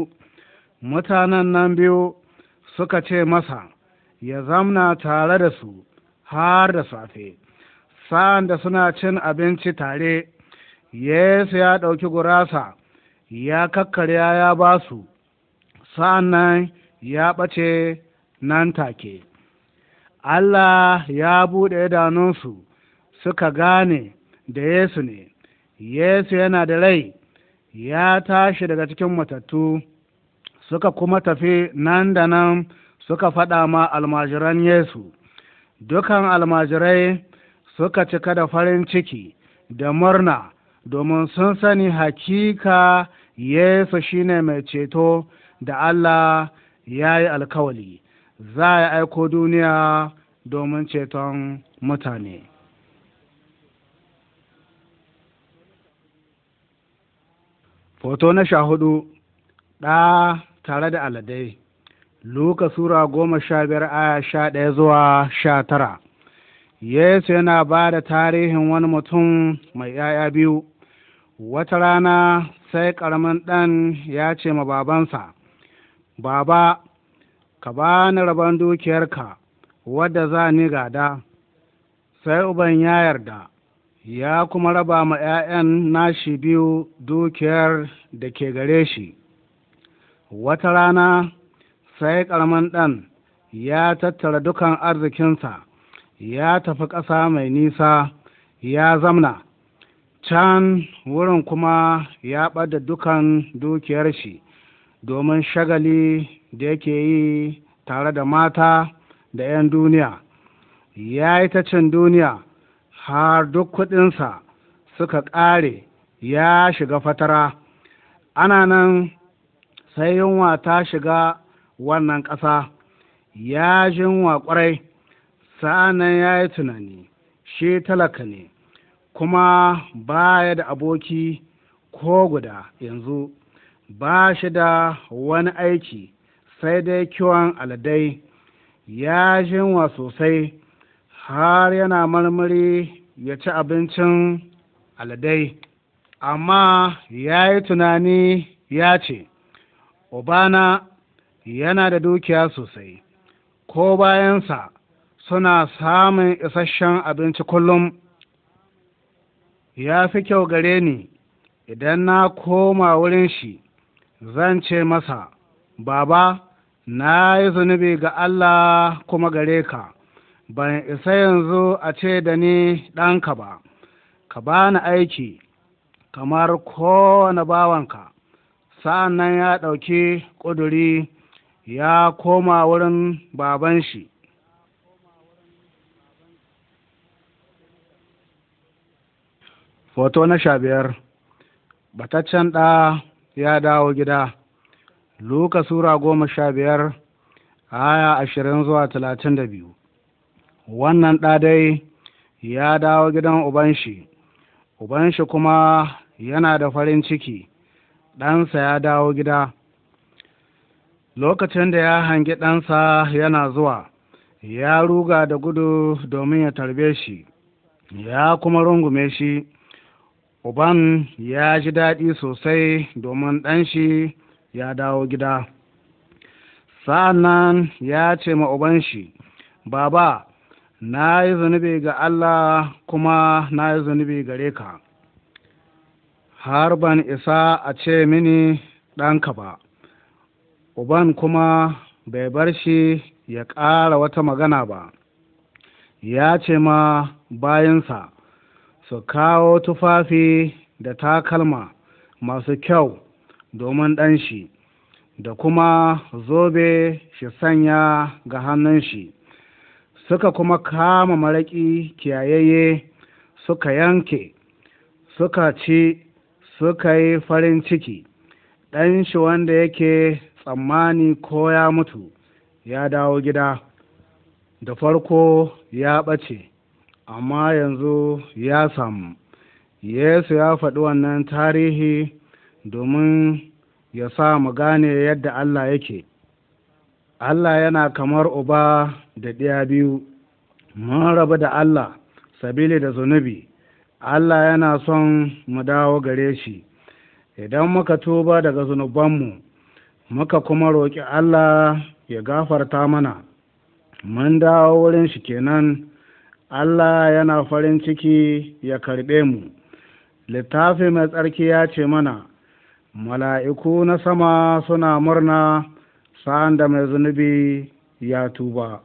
mutanen nan biyu suka ce masa ya zamna tare da su har da safe sa'an da suna cin abinci tare yesu ya ɗauki gurasa ya kakkarya ya ba su sa'an nan ya ɓace nan take Allah ya buɗe idanunsu suka gane da Yesu ne, Yesu yana da rai ya tashi daga cikin matattu suka kuma tafi nan da nan suka faɗa ma almajiran Yesu, dukan almajirai suka cika da farin ciki da murna domin sun sani hakika Yesu shine mai ceto da Allah ya yi alkawali. za ya aiko duniya domin ceton mutane Foto na sha hudu ɗa tare da aladai Luka Sura goma sha biyar aya sha ɗaya zuwa sha tara Yesu yana ba da tarihin wani mutum mai ‘ya'ya biyu, wata rana sai ƙaramin ɗan ya ce ma babansa, Baba, ka ba ni rabon dukiyarka wadda za ni gada sai uban ya yarda ya kuma raba ma ‘ya'yan nashi biyu dukiyar da ke gare shi wata rana sai ƙaramin ɗan ya tattara dukan arzikinsa ya tafi ƙasa mai nisa ya zamna can wurin kuma ya ɓada dukan dukiyar shi domin shagali da yake yi tare da mata da 'yan duniya ya yi ta cin duniya har duk kuɗinsa suka ƙare ya shiga fatara ana nan sai yunwa ta shiga wannan ƙasa ya jinwa ƙwarai sa'anan ya yi tunani shi talaka ne kuma baya da aboki ko guda yanzu ba shi da wani aiki sai dai kiwon aladai ya jinwa sosai har yana marmari ya ci abincin aladai amma ya yi tunani ya ce obana yana da dukiya sosai ko bayansa suna samun isasshen abinci kullum ya fi kyau gare ni idan na koma wurin shi zan ce masa Baba, na yi zunubi ga Allah kuma gare ka, ban isa yanzu a ce da ni ɗanka ba, ka bani aiki kamar kowane bawanka, sa'an nan ya ɗauki ƙuduri ya koma wurin baban shi. Foto na sha biyar, bataccen ɗa ya dawo gida. Luka Sura goma sha biyar aya ashirin zuwa talatin da biyu wannan ɗadai ya dawo gidan ubanshi shi kuma yana da farin ciki ɗansa ya dawo gida lokacin da ya hangi ɗansa yana zuwa ya ruga da gudu domin ya tarbe shi ya kuma rungume shi uban ya ji daɗi sosai domin ɗanshi ya dawo gida sa'annan ya ce ma ubanshi, shi baba na yi zunubi ga Allah kuma na yi zunubi gare ka har ban isa a ce mini ɗanka ba uban kuma bai bar shi ya ƙara wata magana ba ya ce ma bayansa su kawo tufafi da takalma masu kyau domin ɗan shi da kuma zobe shi sanya ga hannun shi suka kuma kama maraƙi kiyayayye suka yanke suka ci suka yi farin ciki ɗan shi wanda yake tsammani ko ya mutu ya dawo gida da farko ya ɓace amma yanzu ya samu yesu ya faɗi wannan tarihi domin ya sa mu gane yadda Allah yake Allah yana kamar uba da ɗaya biyu mun rabu da Allah sabili da zunubi Allah yana son mu dawo gare shi idan muka tuba daga zunubanmu muka kuma roƙi Allah ya gafarta mana mun dawo wurin shi kenan Allah yana farin ciki ya karɓe mu littafi mai tsarki ya ce mana mala'iku na sama suna murna sa'an da mai zunubi ya tuba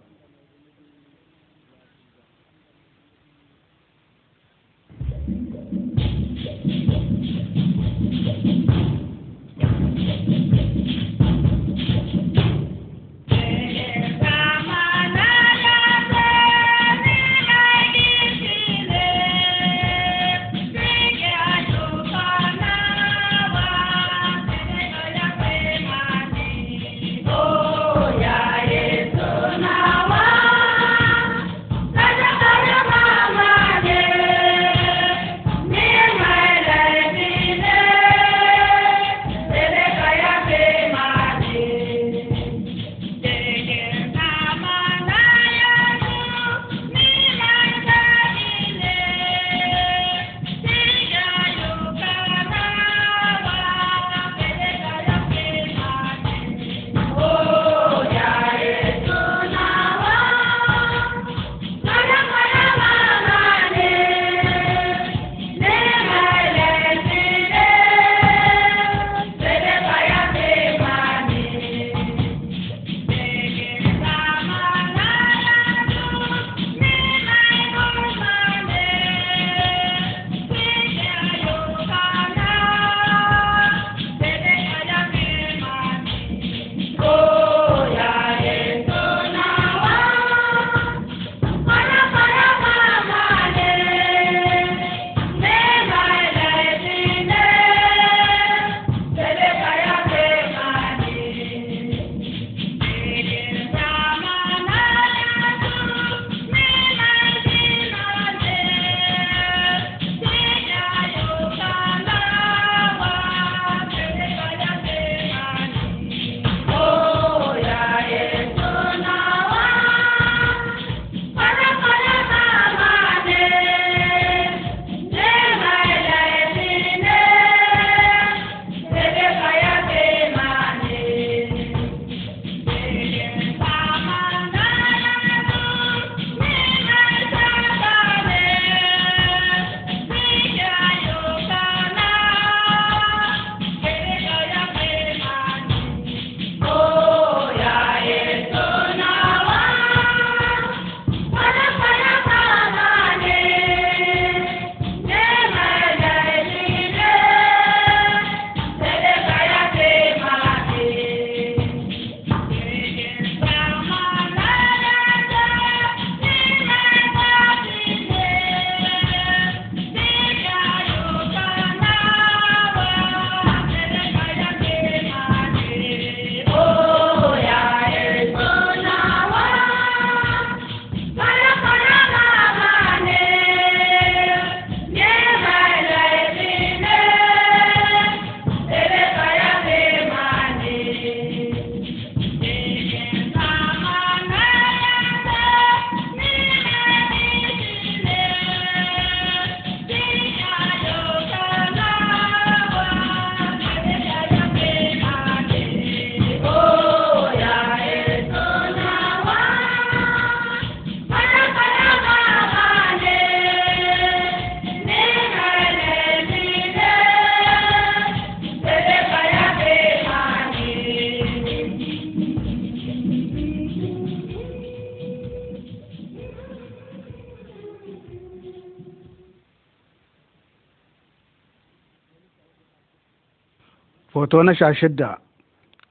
Hoto na sha shidda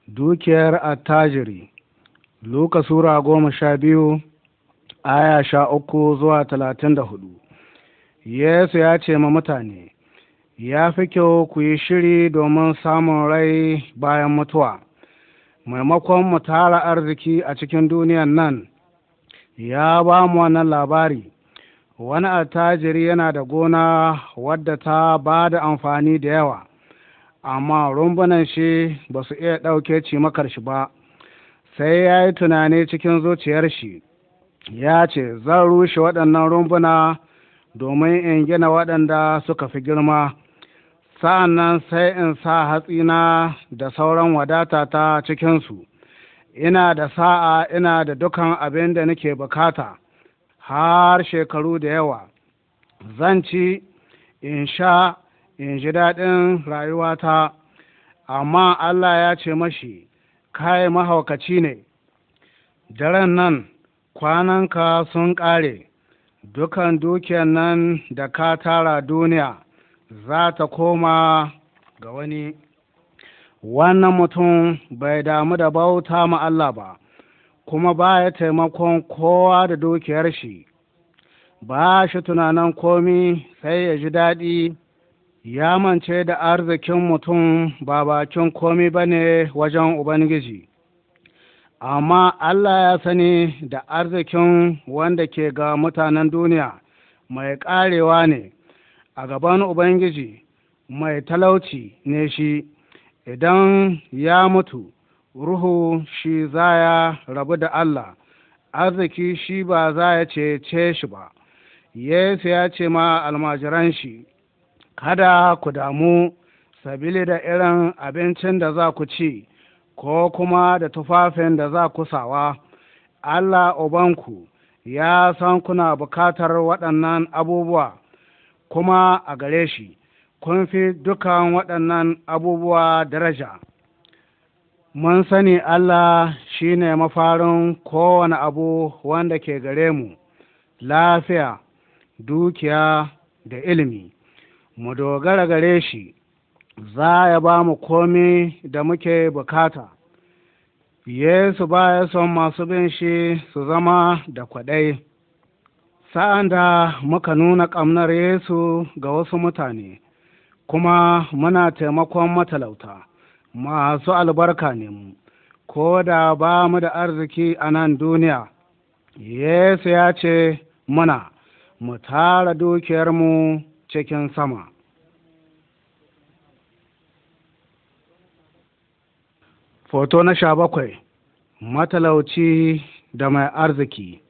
Dukiyar attajiri Luka Sura goma sha biyu aya sha uku zuwa talatin da hudu Yesu ya ce ma mutane, Ya fi kyau ku yi shiri domin samun rai bayan mutuwa, maimakon mu tara arziki a cikin duniyan nan, ya ba mu wannan labari. Wani attajiri yana da gona wadda ta ba da amfani da yawa. amma rumbunan shi ba su iya ɗauke cimakar shi ba sai ya yi tunani cikin zuciyar shi ya ce zan rushe waɗannan rumbuna domin in gina waɗanda suka fi girma sa'an sai in sa hatsina da sauran wadata ta cikinsu ina da sa'a ina da dukan abin da nake bukata har shekaru da yawa zan ci in sha in ji daɗin rayuwata amma Allah ya ce mashi kai mahaukaci ne daren nan kwananka sun ƙare dukan dukiyan nan da ka tara duniya za ta koma ga wani wannan mutum bai damu da bauta ma Allah ba kuma ba ya taimakon kowa da dukiyar shi ba shi tunanin komi sai ya ji daɗi ya mance da arzikin mutum ba bakin komi ba ne wajen Ubangiji, amma Allah ya sani da arzikin wanda ke ga mutanen duniya mai ƙarewa ne a gaban Ubangiji mai talauci ne shi, idan ya mutu ruhu shi za ya rabu da Allah, arziki shi ba za ya cece shi ba, Yesu ya ce ma almajiran shi. kada ku damu sabili da irin abincin da za ku ci ko kuma da tufafin da za ku sawa allah ubanku ya san kuna bukatar waɗannan abubuwa kuma a gare shi kun fi dukan waɗannan abubuwa daraja mun sani allah shine mafarin kowane abu wanda ke gare mu lafiya dukiya da ilimi mu dogara gare shi za ya ba mu komi da muke bukata yesu ba ya son masu bin shi su zama da kwaɗai sa'an da muka nuna ƙamnar yesu ga wasu mutane kuma muna taimakon matalauta masu albarka ne mu ko da ba mu da arziki a nan duniya yesu ya ce muna mu tara dukiyarmu cikin sama Foto na sha bakwai matalauci da mai arziki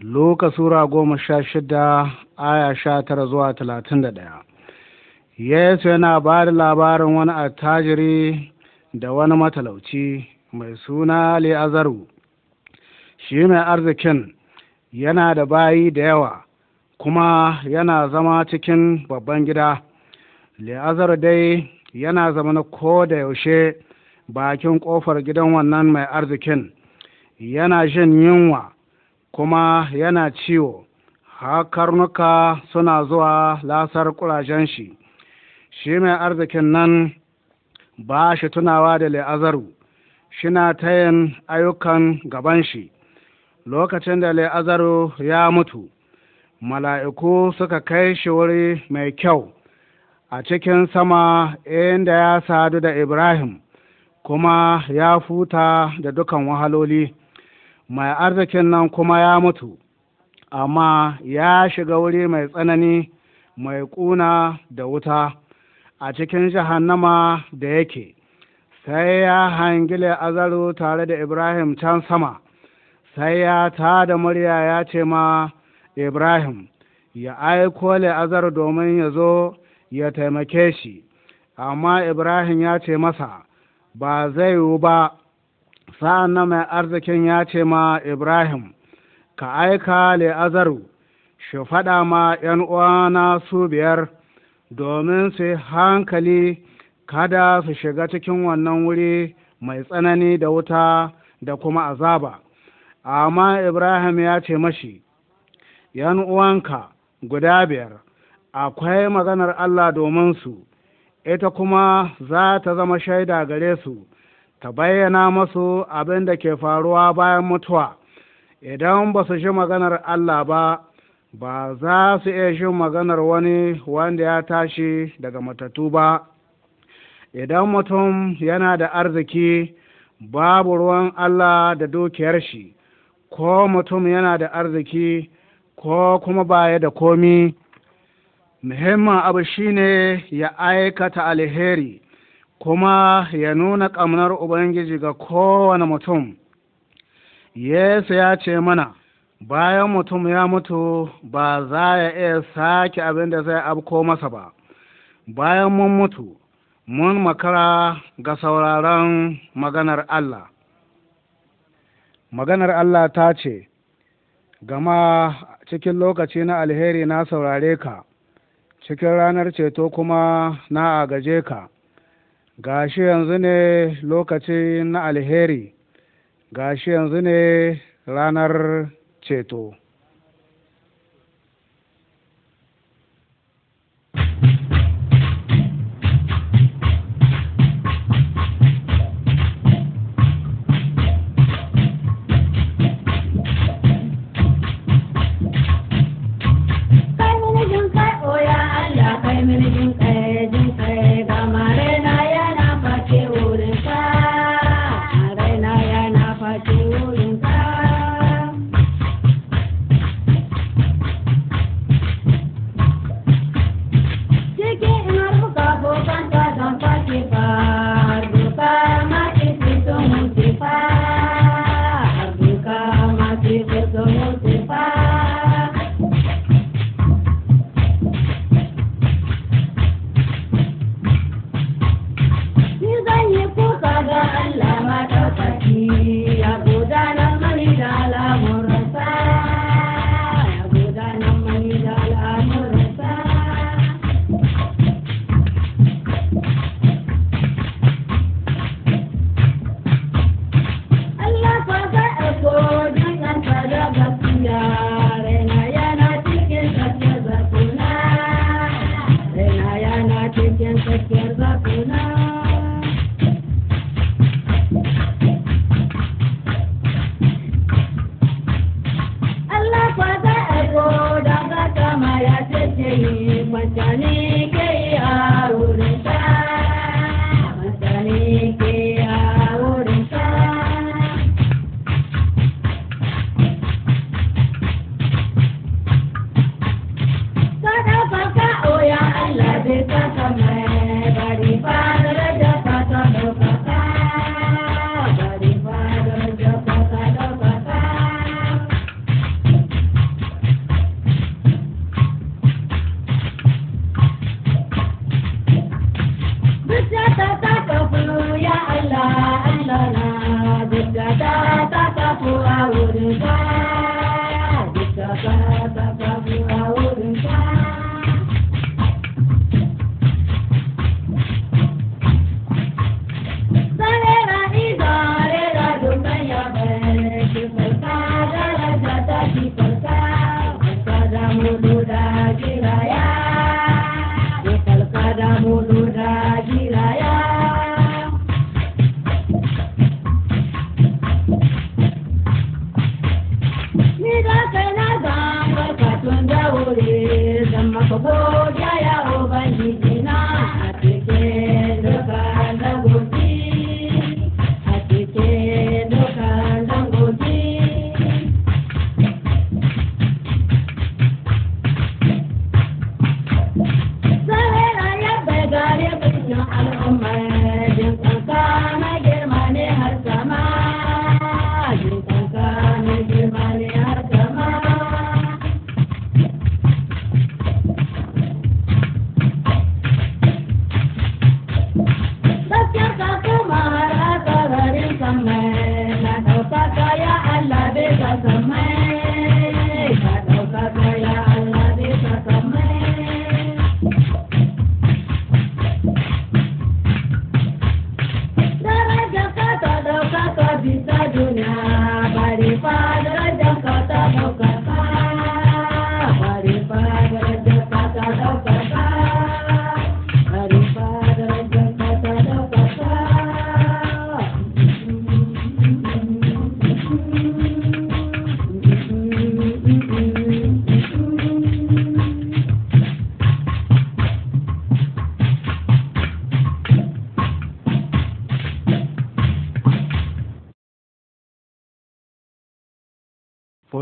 Luka Sura goma sha shida aya sha tara zuwa talatin da ɗaya. Yesu yana ba da labarin wani attajiri da wani matalauci mai suna Le'azaru. Shi mai arzikin yana da bayi da yawa, kuma yana zama cikin babban gida le'azar dai yana zama na ko da yaushe bakin ƙofar gidan wannan mai arzikin yana jin yunwa kuma yana ciwo har karnuka suna zuwa lasar kurajen shi shi mai arzikin nan ba shi tunawa da le'azaru shina tayin ayyukan gaban shi lokacin da le'azaru ya mutu mala'iku suka kai shi wuri mai kyau a cikin sama inda ya sadu da Ibrahim kuma ya futa da dukan wahaloli mai arzikin nan kuma ya mutu amma ya shiga wuri mai tsanani mai ƙuna da wuta a cikin jahannama da yake sai ya hangile azaru tare da Ibrahim can sama sai ya ta da murya ya ce ma ibrahim ya aiko la'azar domin ya zo ya taimake shi amma ibrahim ya ce masa ba zai yiwu ba sa'an na mai arzikin ya ce ma ibrahim ka aika la'azar shi faɗa ma ‘yan na su biyar domin su hankali kada su shiga cikin wannan wuri mai tsanani da wuta da kuma azaba amma ibrahim ya ce mashi yan uwanka guda biyar akwai maganar Allah domin su ita kuma za ta zama shaida gare su ta bayyana masu abin da ke faruwa bayan mutuwa idan ba su ji maganar Allah ba ba za su iya shi maganar wani wanda ya tashi daga matattu ba idan mutum yana da arziki babu ruwan Allah da dukiyar shi ko mutum yana da arziki ko kuma baya da komi Muhimman abu shine ya aikata alheri kuma ya nuna ƙamnar ubangiji ga kowane mutum yesu ya ce mana bayan mutum ya mutu ba za ya iya sake abin da zai abko masa ba bayan mun mutu mun makara ga sauraron maganar allah maganar allah ta ce gama cikin lokaci na alheri na saurare ka cikin ranar ceto kuma na agaje ka Ga shi yanzu ne lokaci na alheri ga shi yanzu ne ranar ceto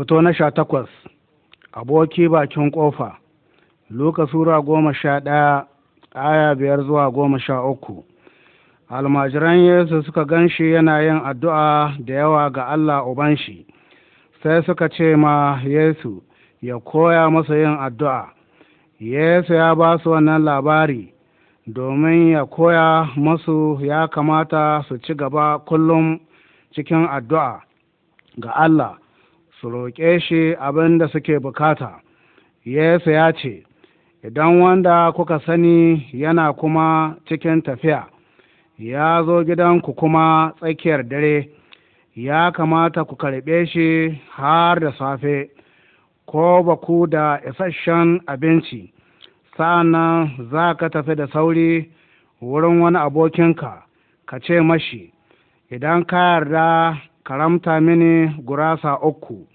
Hoto na sha takwas Aboki bakin ƙofa Luka Sura goma sha ɗaya aya biyar zuwa goma sha uku Almajiran Yesu suka gan shi yana yin addu'a da yawa ga Allah Uban shi, sai suka ce ma Yesu ya koya masa yin addu'a. Yesu ya ba su wannan labari domin ya koya masu ya kamata su ci gaba kullum cikin addu'a ga Allah. su roƙe shi abin da suke bukata yesu ya ce idan wanda kuka sani yana kuma cikin tafiya ya zo gidanku kuma tsakiyar dare ya kamata ku karɓe shi har da safe ko ba ku da isasshen abinci sa'annan za ka tafi da sauri wurin wani abokinka ka ce mashi idan ka yarda karamta mini gurasa uku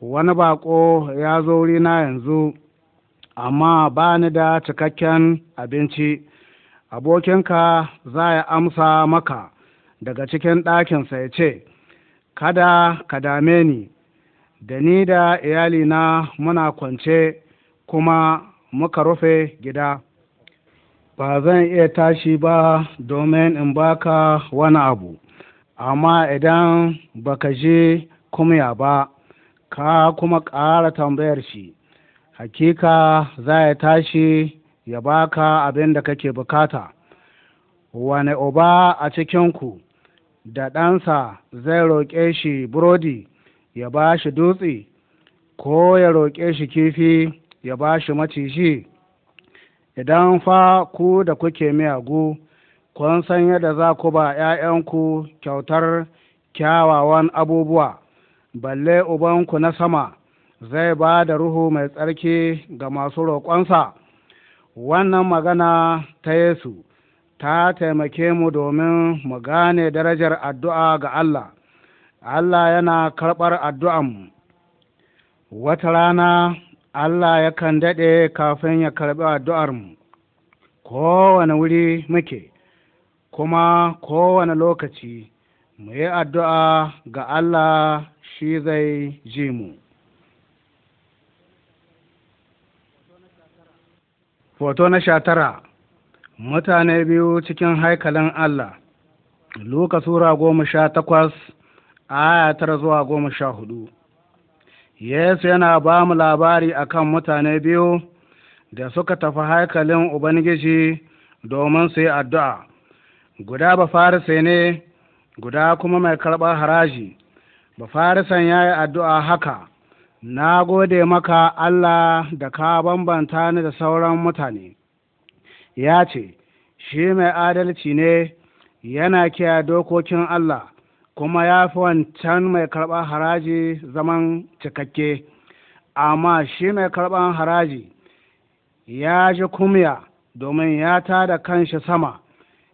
wani bako ya zo wurina yanzu amma ba ni da cikakken abinci abokinka za ya amsa maka daga cikin ɗakinsa ya ce kada ka dame ni da ni da iyalina muna kwance kuma muka rufe gida ba zan iya tashi ba domin in baka wani abu amma idan baka je kumya ba ka kuma ƙara tambayar shi hakika za ya tashi ya baka abin da kake bukata wane uba a cikinku da ɗansa zai roƙe shi burodi ya ba shi dutse ko ya roƙe shi kifi ya ba shi maciji idan fa ku da kuke miyagu kun san yadda za ku ba ’ya'yanku kyautar kyawawan abubuwa, balle ubanku na sama zai ba da ruhu mai tsarki ga masu roƙonsa. Wannan magana ta Yesu ta taimake mu domin mu gane darajar addu'a ga Allah. Allah yana karɓar addu'anmu. Wata rana Allah yakan daɗe kafin ya karɓi addu'armu, kowane wuri muke. kuma kowane lokaci mu yi addu'a ga Allah shi zai ji mu. Foto na sha tara Mutane biyu cikin haikalin Allah Luka Sura goma sha takwas aya tara zuwa goma sha hudu Yesu yana ba mu labari akan mutane biyu da suka tafi haikalin Ubangiji domin su yi addu'a. guda bafarisa ne guda kuma mai karɓar haraji bafarisan ya yi addu'a haka na gode maka Allah da ka bambanta ni da sauran mutane ya ce shi mai adalci ne yana kiyaye dokokin Allah kuma ya fi wancan mai karɓar haraji zaman cikakke amma shi mai karɓar haraji ya ji kumya domin ya tada kanshi sama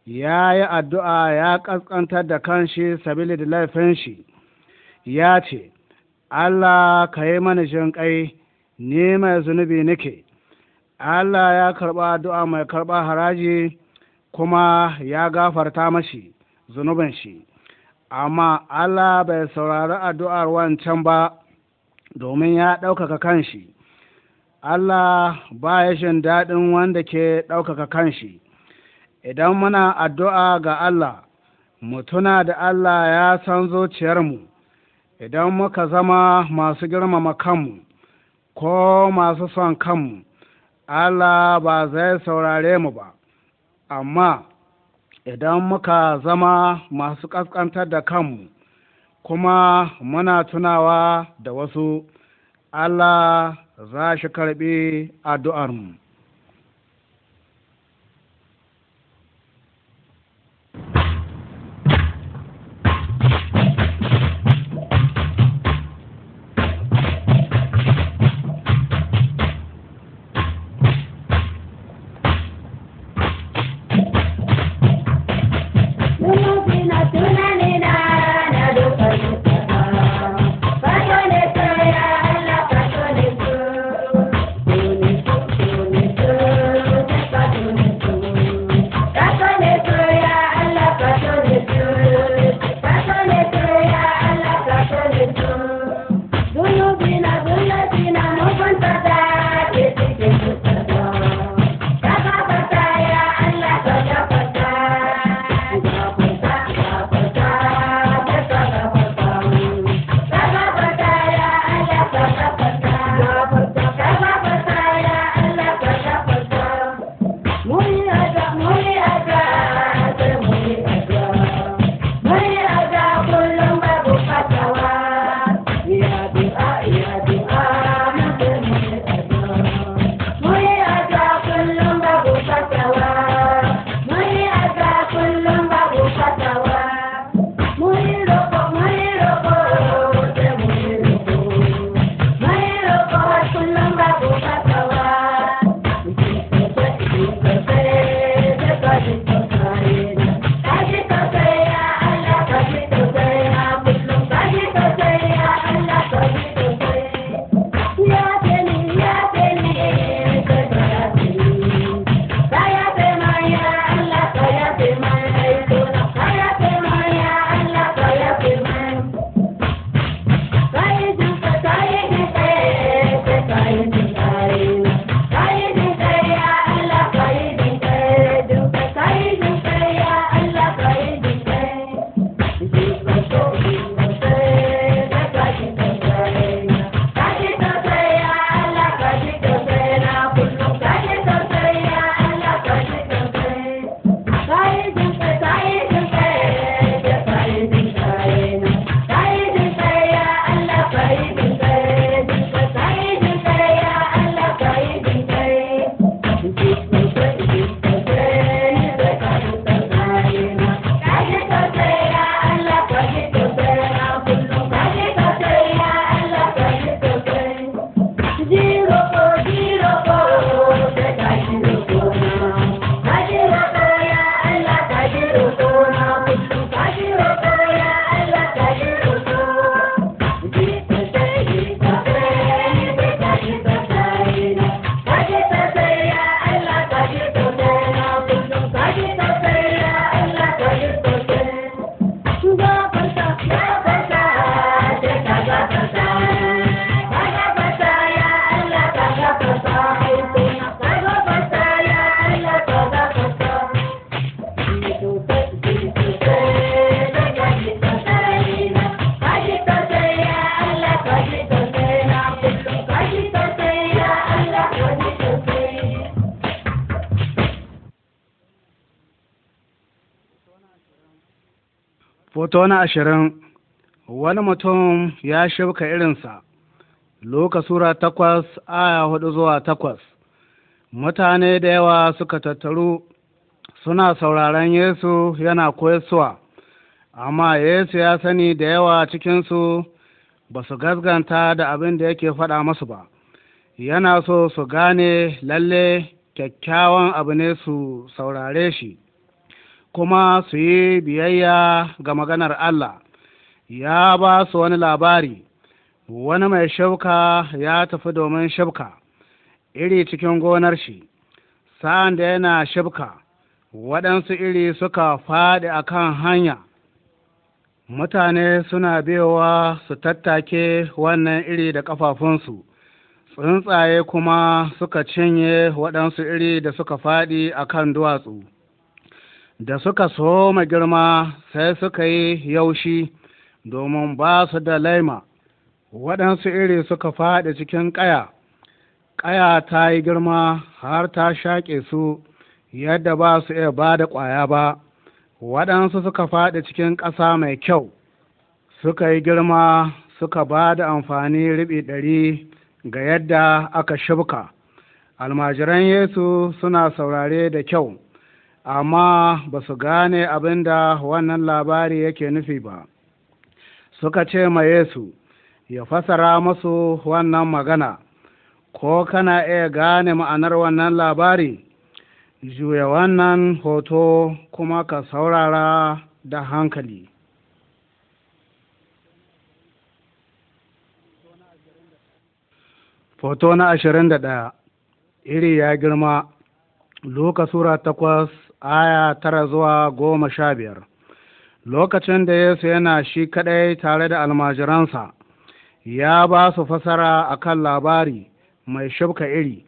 ya yi addu'a ya ƙasƙantar da kanshi sabili da laifin shi ya ce Allah ka yi mana jin ƙai ni mai zunubi nake Allah ya karɓa addu'a mai karɓa haraji kuma ya gafarta mashi zunubin shi amma Allah bai saurari addu'ar wancan ba domin ya ɗaukaka kanshi Allah ba ya jin daɗin wanda ke ɗaukaka kanshi idan muna addu'a ga Allah mu tuna da Allah ya san zuciyarmu idan muka zama masu girmama kanmu ko masu son kanmu Allah ba zai saurare mu ba amma idan muka zama masu ƙasƙantar da kanmu kuma muna tunawa da wasu Allah za shi karɓi addu'armu. Foto na ashirin wani mutum ya shirka irinsa, Luka Sura takwas aya hudu zuwa takwas. Mutane da yawa suka tattaru suna sauraron Yesu yana koyarsuwa, amma Yesu ya sani da yawa cikinsu ba su gasganta da abin da yake faɗa masu ba. Yana so su gane lalle kyakkyawan abu ne su saurare shi. kuma su yi biyayya ga maganar Allah ya ba su wani labari wani mai shauka ya tafi domin shabka iri cikin gonar shi sa'an da yana shabka waɗansu iri suka faɗi a kan hanya mutane suna biyowa su tattake wannan iri da ƙafafunsu tsuntsaye kuma suka cinye waɗansu iri da suka faɗi a kan duwatsu da suka so soma girma sai suka yi yaushi domin ba su da laima waɗansu iri suka faɗi cikin ƙaya ƙaya ta yi girma har ta shaƙe su yadda ba su iya ba da ƙwaya ba waɗansu suka faɗi cikin ƙasa mai kyau suka yi girma suka ba da amfani riɓi ɗari ga yadda aka shibka almajiran yesu suna saurare da kyau amma ba su gane abin da wannan labari yake nufi ba suka ce ma yesu ya fasara masu wannan magana ko kana iya gane ma'anar wannan labari juya wannan hoto kuma ka saurara da hankali Foto na ashirin da ɗaya, iri ya girma, Luka Sura takwas aya tara zuwa goma sha biyar lokacin da yesu yana shi kaɗai tare da almajiransa ya ba su fasara a kan labari mai shubka iri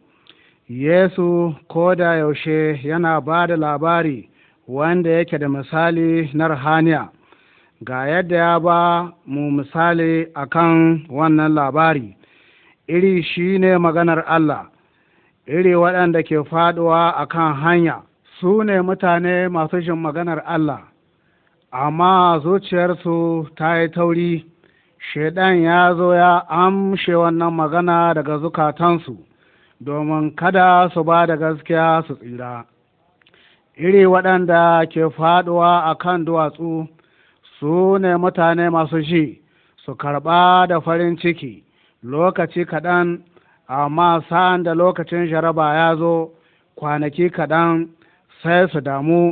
yesu ko da yaushe yana ba da labari wanda yake da misali na rahaniya ga yadda ya ba mu misali a kan wannan labari iri shi ne maganar allah iri waɗanda ke faɗuwa kan hanya su ne mutane masu jin maganar Allah amma zuciyarsu ta yi tauri shaiɗan ya zo ya amshe wannan magana daga zukatansu domin kada su ba da gaskiya su tsira iri waɗanda ke faɗuwa a kan duwatsu su ne mutane masu ji su karɓa da farin ciki lokaci kaɗan amma sa'an da lokacin jaraba ya zo kwanaki kaɗan sai su damu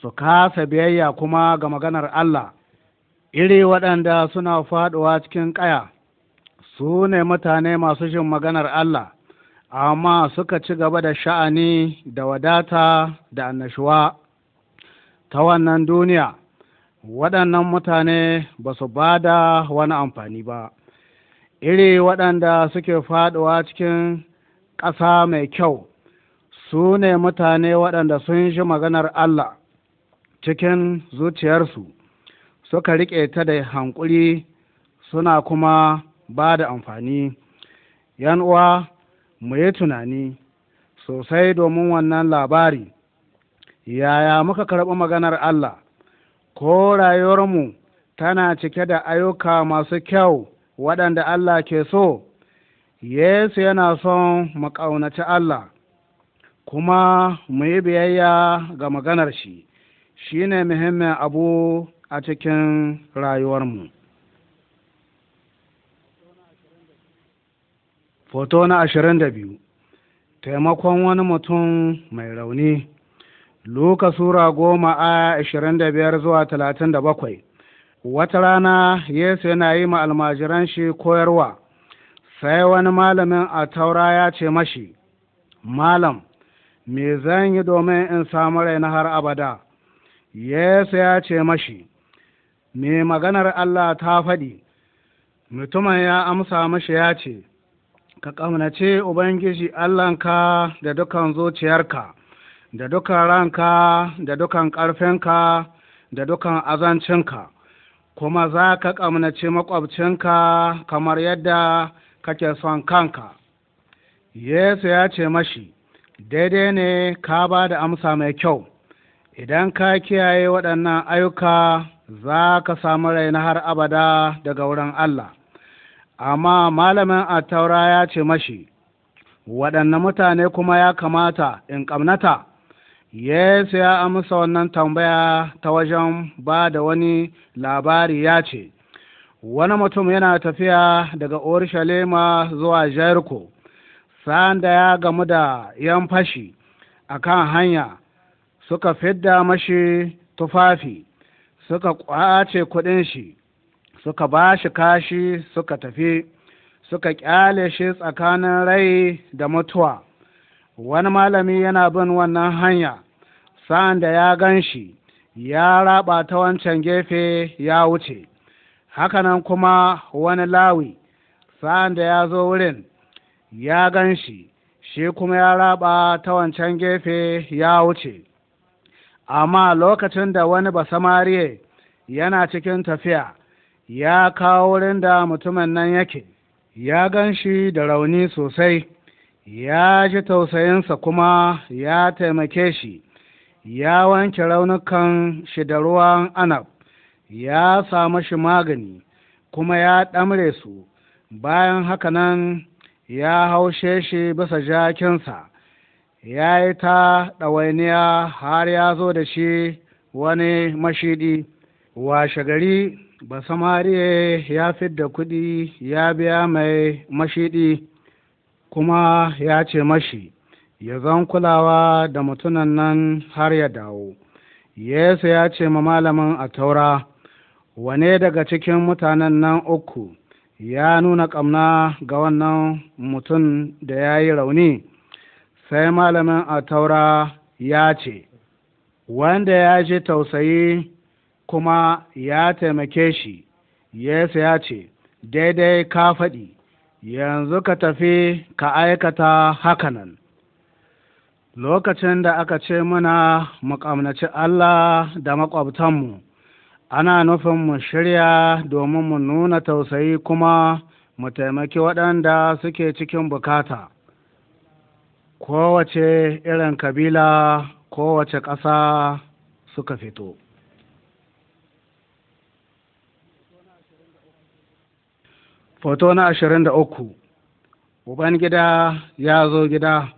su kasa biyayya kuma ga maganar Allah iri waɗanda suna faɗuwa cikin ƙaya su ne mutane masu jin maganar Allah amma suka ci gaba da sha'ani da wadata da annashuwa ta wannan duniya waɗannan mutane ba su ba da wani amfani ba iri waɗanda suke faɗuwa cikin ƙasa mai kyau su ne mutane waɗanda sun shi maganar Allah cikin zuciyarsu suka riƙe ta da hankuri suna kuma ba da amfani yan uwa mu yi tunani sosai domin wannan labari yaya muka karɓi maganar Allah ko rayuwarmu tana cike da ayyuka masu kyau waɗanda Allah ke so Yesu yana son mu ƙaunaci Allah kuma mu yi biyayya ga maganar shi shi ne muhimmin abu a cikin rayuwarmu foto na ashirin da biyu taimakon wani mutum mai rauni luka sura goma a ashirin da biyar zuwa talatin da bakwai wata rana yesu yana yi ma almajiran shi koyarwa sai wani malamin a taura ya ce mashi malam me zan yi domin in samu na har abada yesu ya ce mashi me maganar allah ta faɗi mutumin ya amsa mashi ya ce ka ƙaunace ubangiji allahnka da dukan zuciyarka da dukan ranka da dukan ƙarfinka da dukan azancinka kuma za ka ƙaunace maƙwabcinka kamar yadda kake son kanka yesu ya ce mashi daidai ne ka ba da amsa mai kyau idan ka kiyaye waɗannan ayyuka za ka samu raina har abada daga wurin Allah amma malamin attaura ya ce mashi waɗanne mutane kuma ya kamata in ƙamnata yesu ya amsa wannan tambaya ta wajen ba da wani labari ya ce wani mutum yana tafiya daga urushalima zuwa jericho sa'an da ya gamu da yan fashi a kan hanya suka fidda mashi tufafi suka kwace kuɗin shi suka ba shi kashi suka tafi suka ƙyale shi tsakanin rai da mutuwa wani malami yana bin wannan hanya sa'an da ya gan shi ya raba ta wancan gefe ya wuce hakanan kuma wani lawi sa'an da ya zo wurin ya gan shi shi kuma ya raba ta wancan gefe ya wuce amma lokacin da wani basamariye yana cikin tafiya ya kawo wurin da mutumin nan yake ya gan shi da rauni sosai ya ji tausayinsa kuma ya taimake shi ya wanke raunukan shi da ruwan anab ya samu shi magani kuma ya ɗamre su bayan haka nan ya haushe shi bisa jakinsa ya yi ta ɗawainiya har ya zo da shi wani mashiɗi washe gari basamariye ya fidda kuɗi ya biya mai mashiɗi kuma ya ce mashi ya zan kulawa da mutunan nan har ya dawo yesu ya ce ma malamin a taura wane daga cikin mutanen nan uku ya nuna ƙamna ga wannan mutum da ya yi rauni sai malamin a taura ya ce wanda ya ji tausayi kuma ya taimake shi yesu ya ce daidai ka faɗi yanzu ka tafi ka aikata hakanan lokacin da aka ce muna mu ƙamnaci allah da maƙwabtanmu ana nufin mu shirya domin mu nuna tausayi kuma mu taimaki waɗanda suke cikin bukata kowace irin kabila kowace ƙasa suka fito Foto na ashirin da uku Ubangida ya zo gida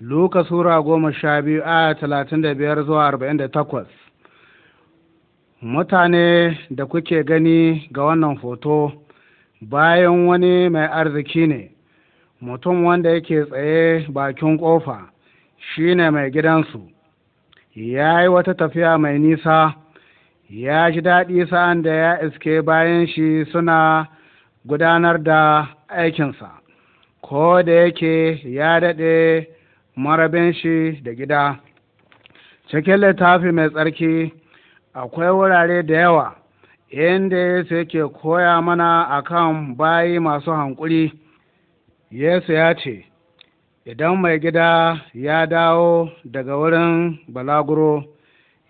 Luka Sura goma sha biyu aya talatin da biyar zuwa arba'in da takwas mutane da kuke gani ga wannan hoto bayan wani mai arziki ne mutum wanda yake tsaye bakin ƙofa shi ne mai gidansu ya yi wata tafiya mai nisa ya ji daɗi sa'an da ya iske bayan shi suna gudanar da aikinsa ko da yake ya daɗe marabin shi da gida cikin littafi mai tsarki akwai wurare da yawa inda Yesu yake koya mana akan bayi masu hankuri Yesu ya ce idan mai gida ya dawo daga wurin balaguro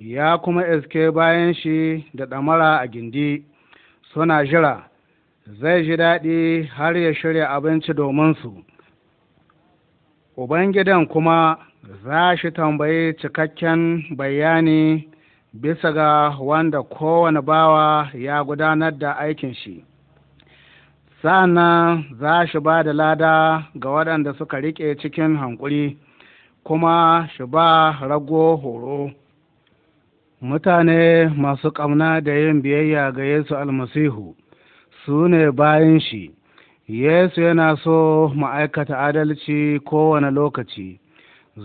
ya kuma iske bayan shi da ɗamara a gindi suna jira zai ji daɗi har ya shirya abinci domin su ubangidan kuma za shi tambayi cikakken bayani bisa ga wanda kowane bawa ya gudanar da aikin shi sa'annan za shi ba da lada ga waɗanda suka riƙe cikin hankuri kuma shi ba rago horo mutane masu ƙamna da yin biyayya ga yesu almasihu su ne bayan shi yesu yana so ma'aikata adalci kowane lokaci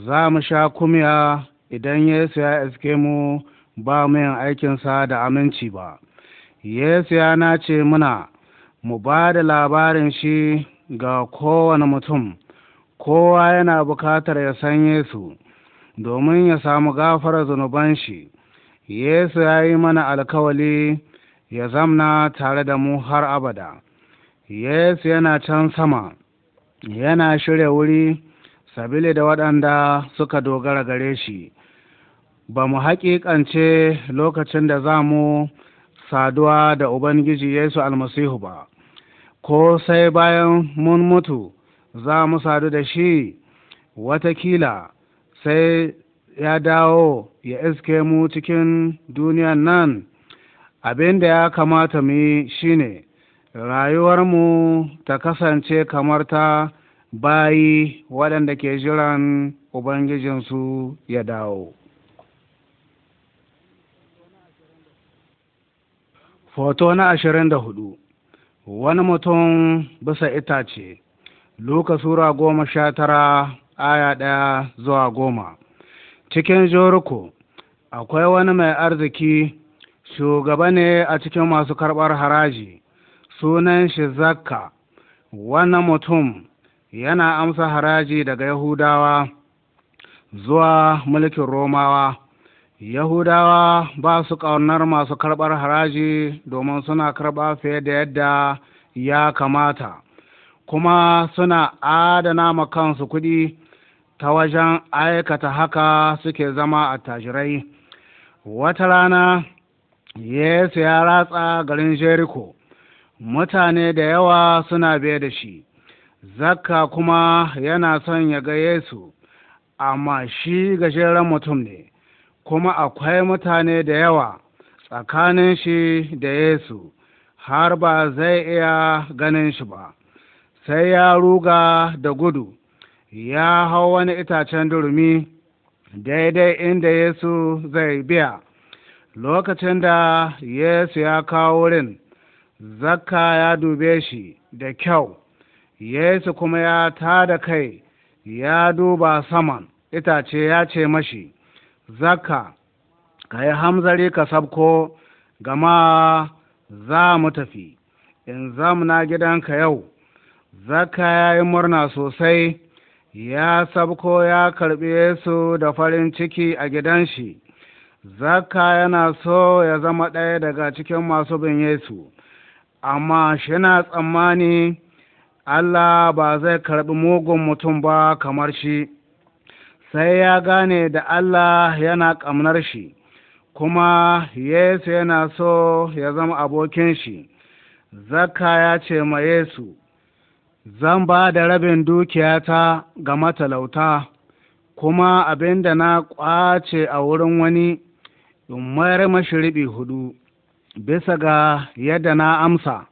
za mu sha kumya idan yesu ya iske mu ba mu yin aikinsa da aminci ba yesu ya nace muna mu ba da labarin shi ga kowane mutum kowa yana bukatar ya san yesu domin ya samu gafara zunuban shi yesu ya yi mana alkawali ya zamna tare da mu har abada yesu yana can sama yana shirya wuri sabili da waɗanda suka dogara gare shi ba mu haƙiƙance lokacin da za mu saduwa da Ubangiji Yesu almasihu ba, ko sai bayan mun mutu za mu sadu da shi watakila sai ya dawo ya iske mu cikin duniyan nan abin da ya kamata mu yi rayuwar rayuwarmu ta kasance kamar ta bayi waɗanda ke jiran Ubangijinsu ya dawo. Hoto na ashirin da hudu Wani mutum bisa itace, Luka Sura goma sha tara aya ɗaya zuwa goma. Cikin Joruko akwai wani mai arziki, shugaba ne a cikin masu karɓar haraji, sunan shi Zakka. Wannan mutum yana amsa haraji daga Yahudawa zuwa mulkin Romawa. Yahudawa ba su ƙaunar masu karɓar haraji domin suna karɓa fiye da yadda ya kamata, kuma suna adana ma kansu kuɗi ta wajen aikata haka suke zama attajirai. Wata rana, Yesu ya ratsa garin Jeriko, mutane da yawa suna biye da shi, zakka kuma yana son ya ga Yesu, amma shi gajeren mutum ne. kuma akwai mutane da yawa tsakanin shi da Yesu har ba zai iya ganin shi ba sai ya ruga da gudu ya hau wani itacen durumi daidai inda Yesu zai biya lokacin da Yesu ya kawo wurin zakka ya dube shi da kyau Yesu kuma ya tada kai ya duba saman itace ya ce mashi zaka ka yi hamzari ka sabko gama za mu tafi in za mu na gidanka yau zaka ya yi murna sosai ya sabko ya karɓi su da farin ciki a gidan shi zaka yana so ya zama ɗaya daga cikin masu bin Yesu amma shi na tsammani Allah ba zai karɓi mugun mutum ba kamar shi. sai ya gane da Allah yana ƙamnar shi kuma Yesu yana so ya zama abokin shi Zaka ya ce ma Yesu zan ba da rabin dukiyata ga matalauta kuma abin da na ƙwace a wurin wani in mayar mashi riɓi hudu bisa ga yadda na amsa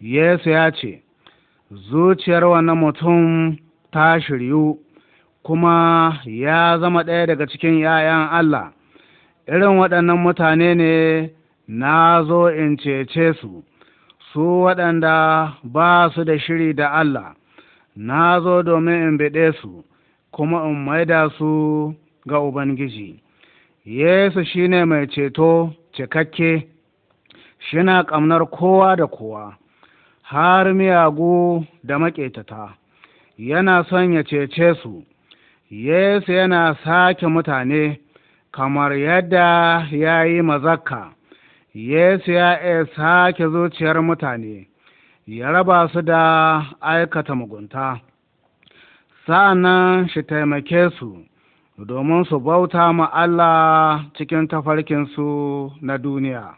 Yesu ya ce zuciyar wannan mutum ta shiryu kuma ya zama ɗaya daga cikin ‘ya'yan Allah, irin waɗannan mutane ne na zo in cece su, su waɗanda ba su da shiri da Allah, na zo domin in biɗe su, kuma in maida su ga Ubangiji. Yesu shi ne mai ceto cikakke, shina ƙamnar kowa da kowa, har miyagu da maƙetata, yana son ya cece su. Yesu yana sake mutane kamar yadda ya yi mazakka, Yesu ya iya sake zuciyar mutane, ya raba su da aikata mugunta, sa'an shi taimake su domin su bauta ma Allah cikin tafarkinsu na duniya.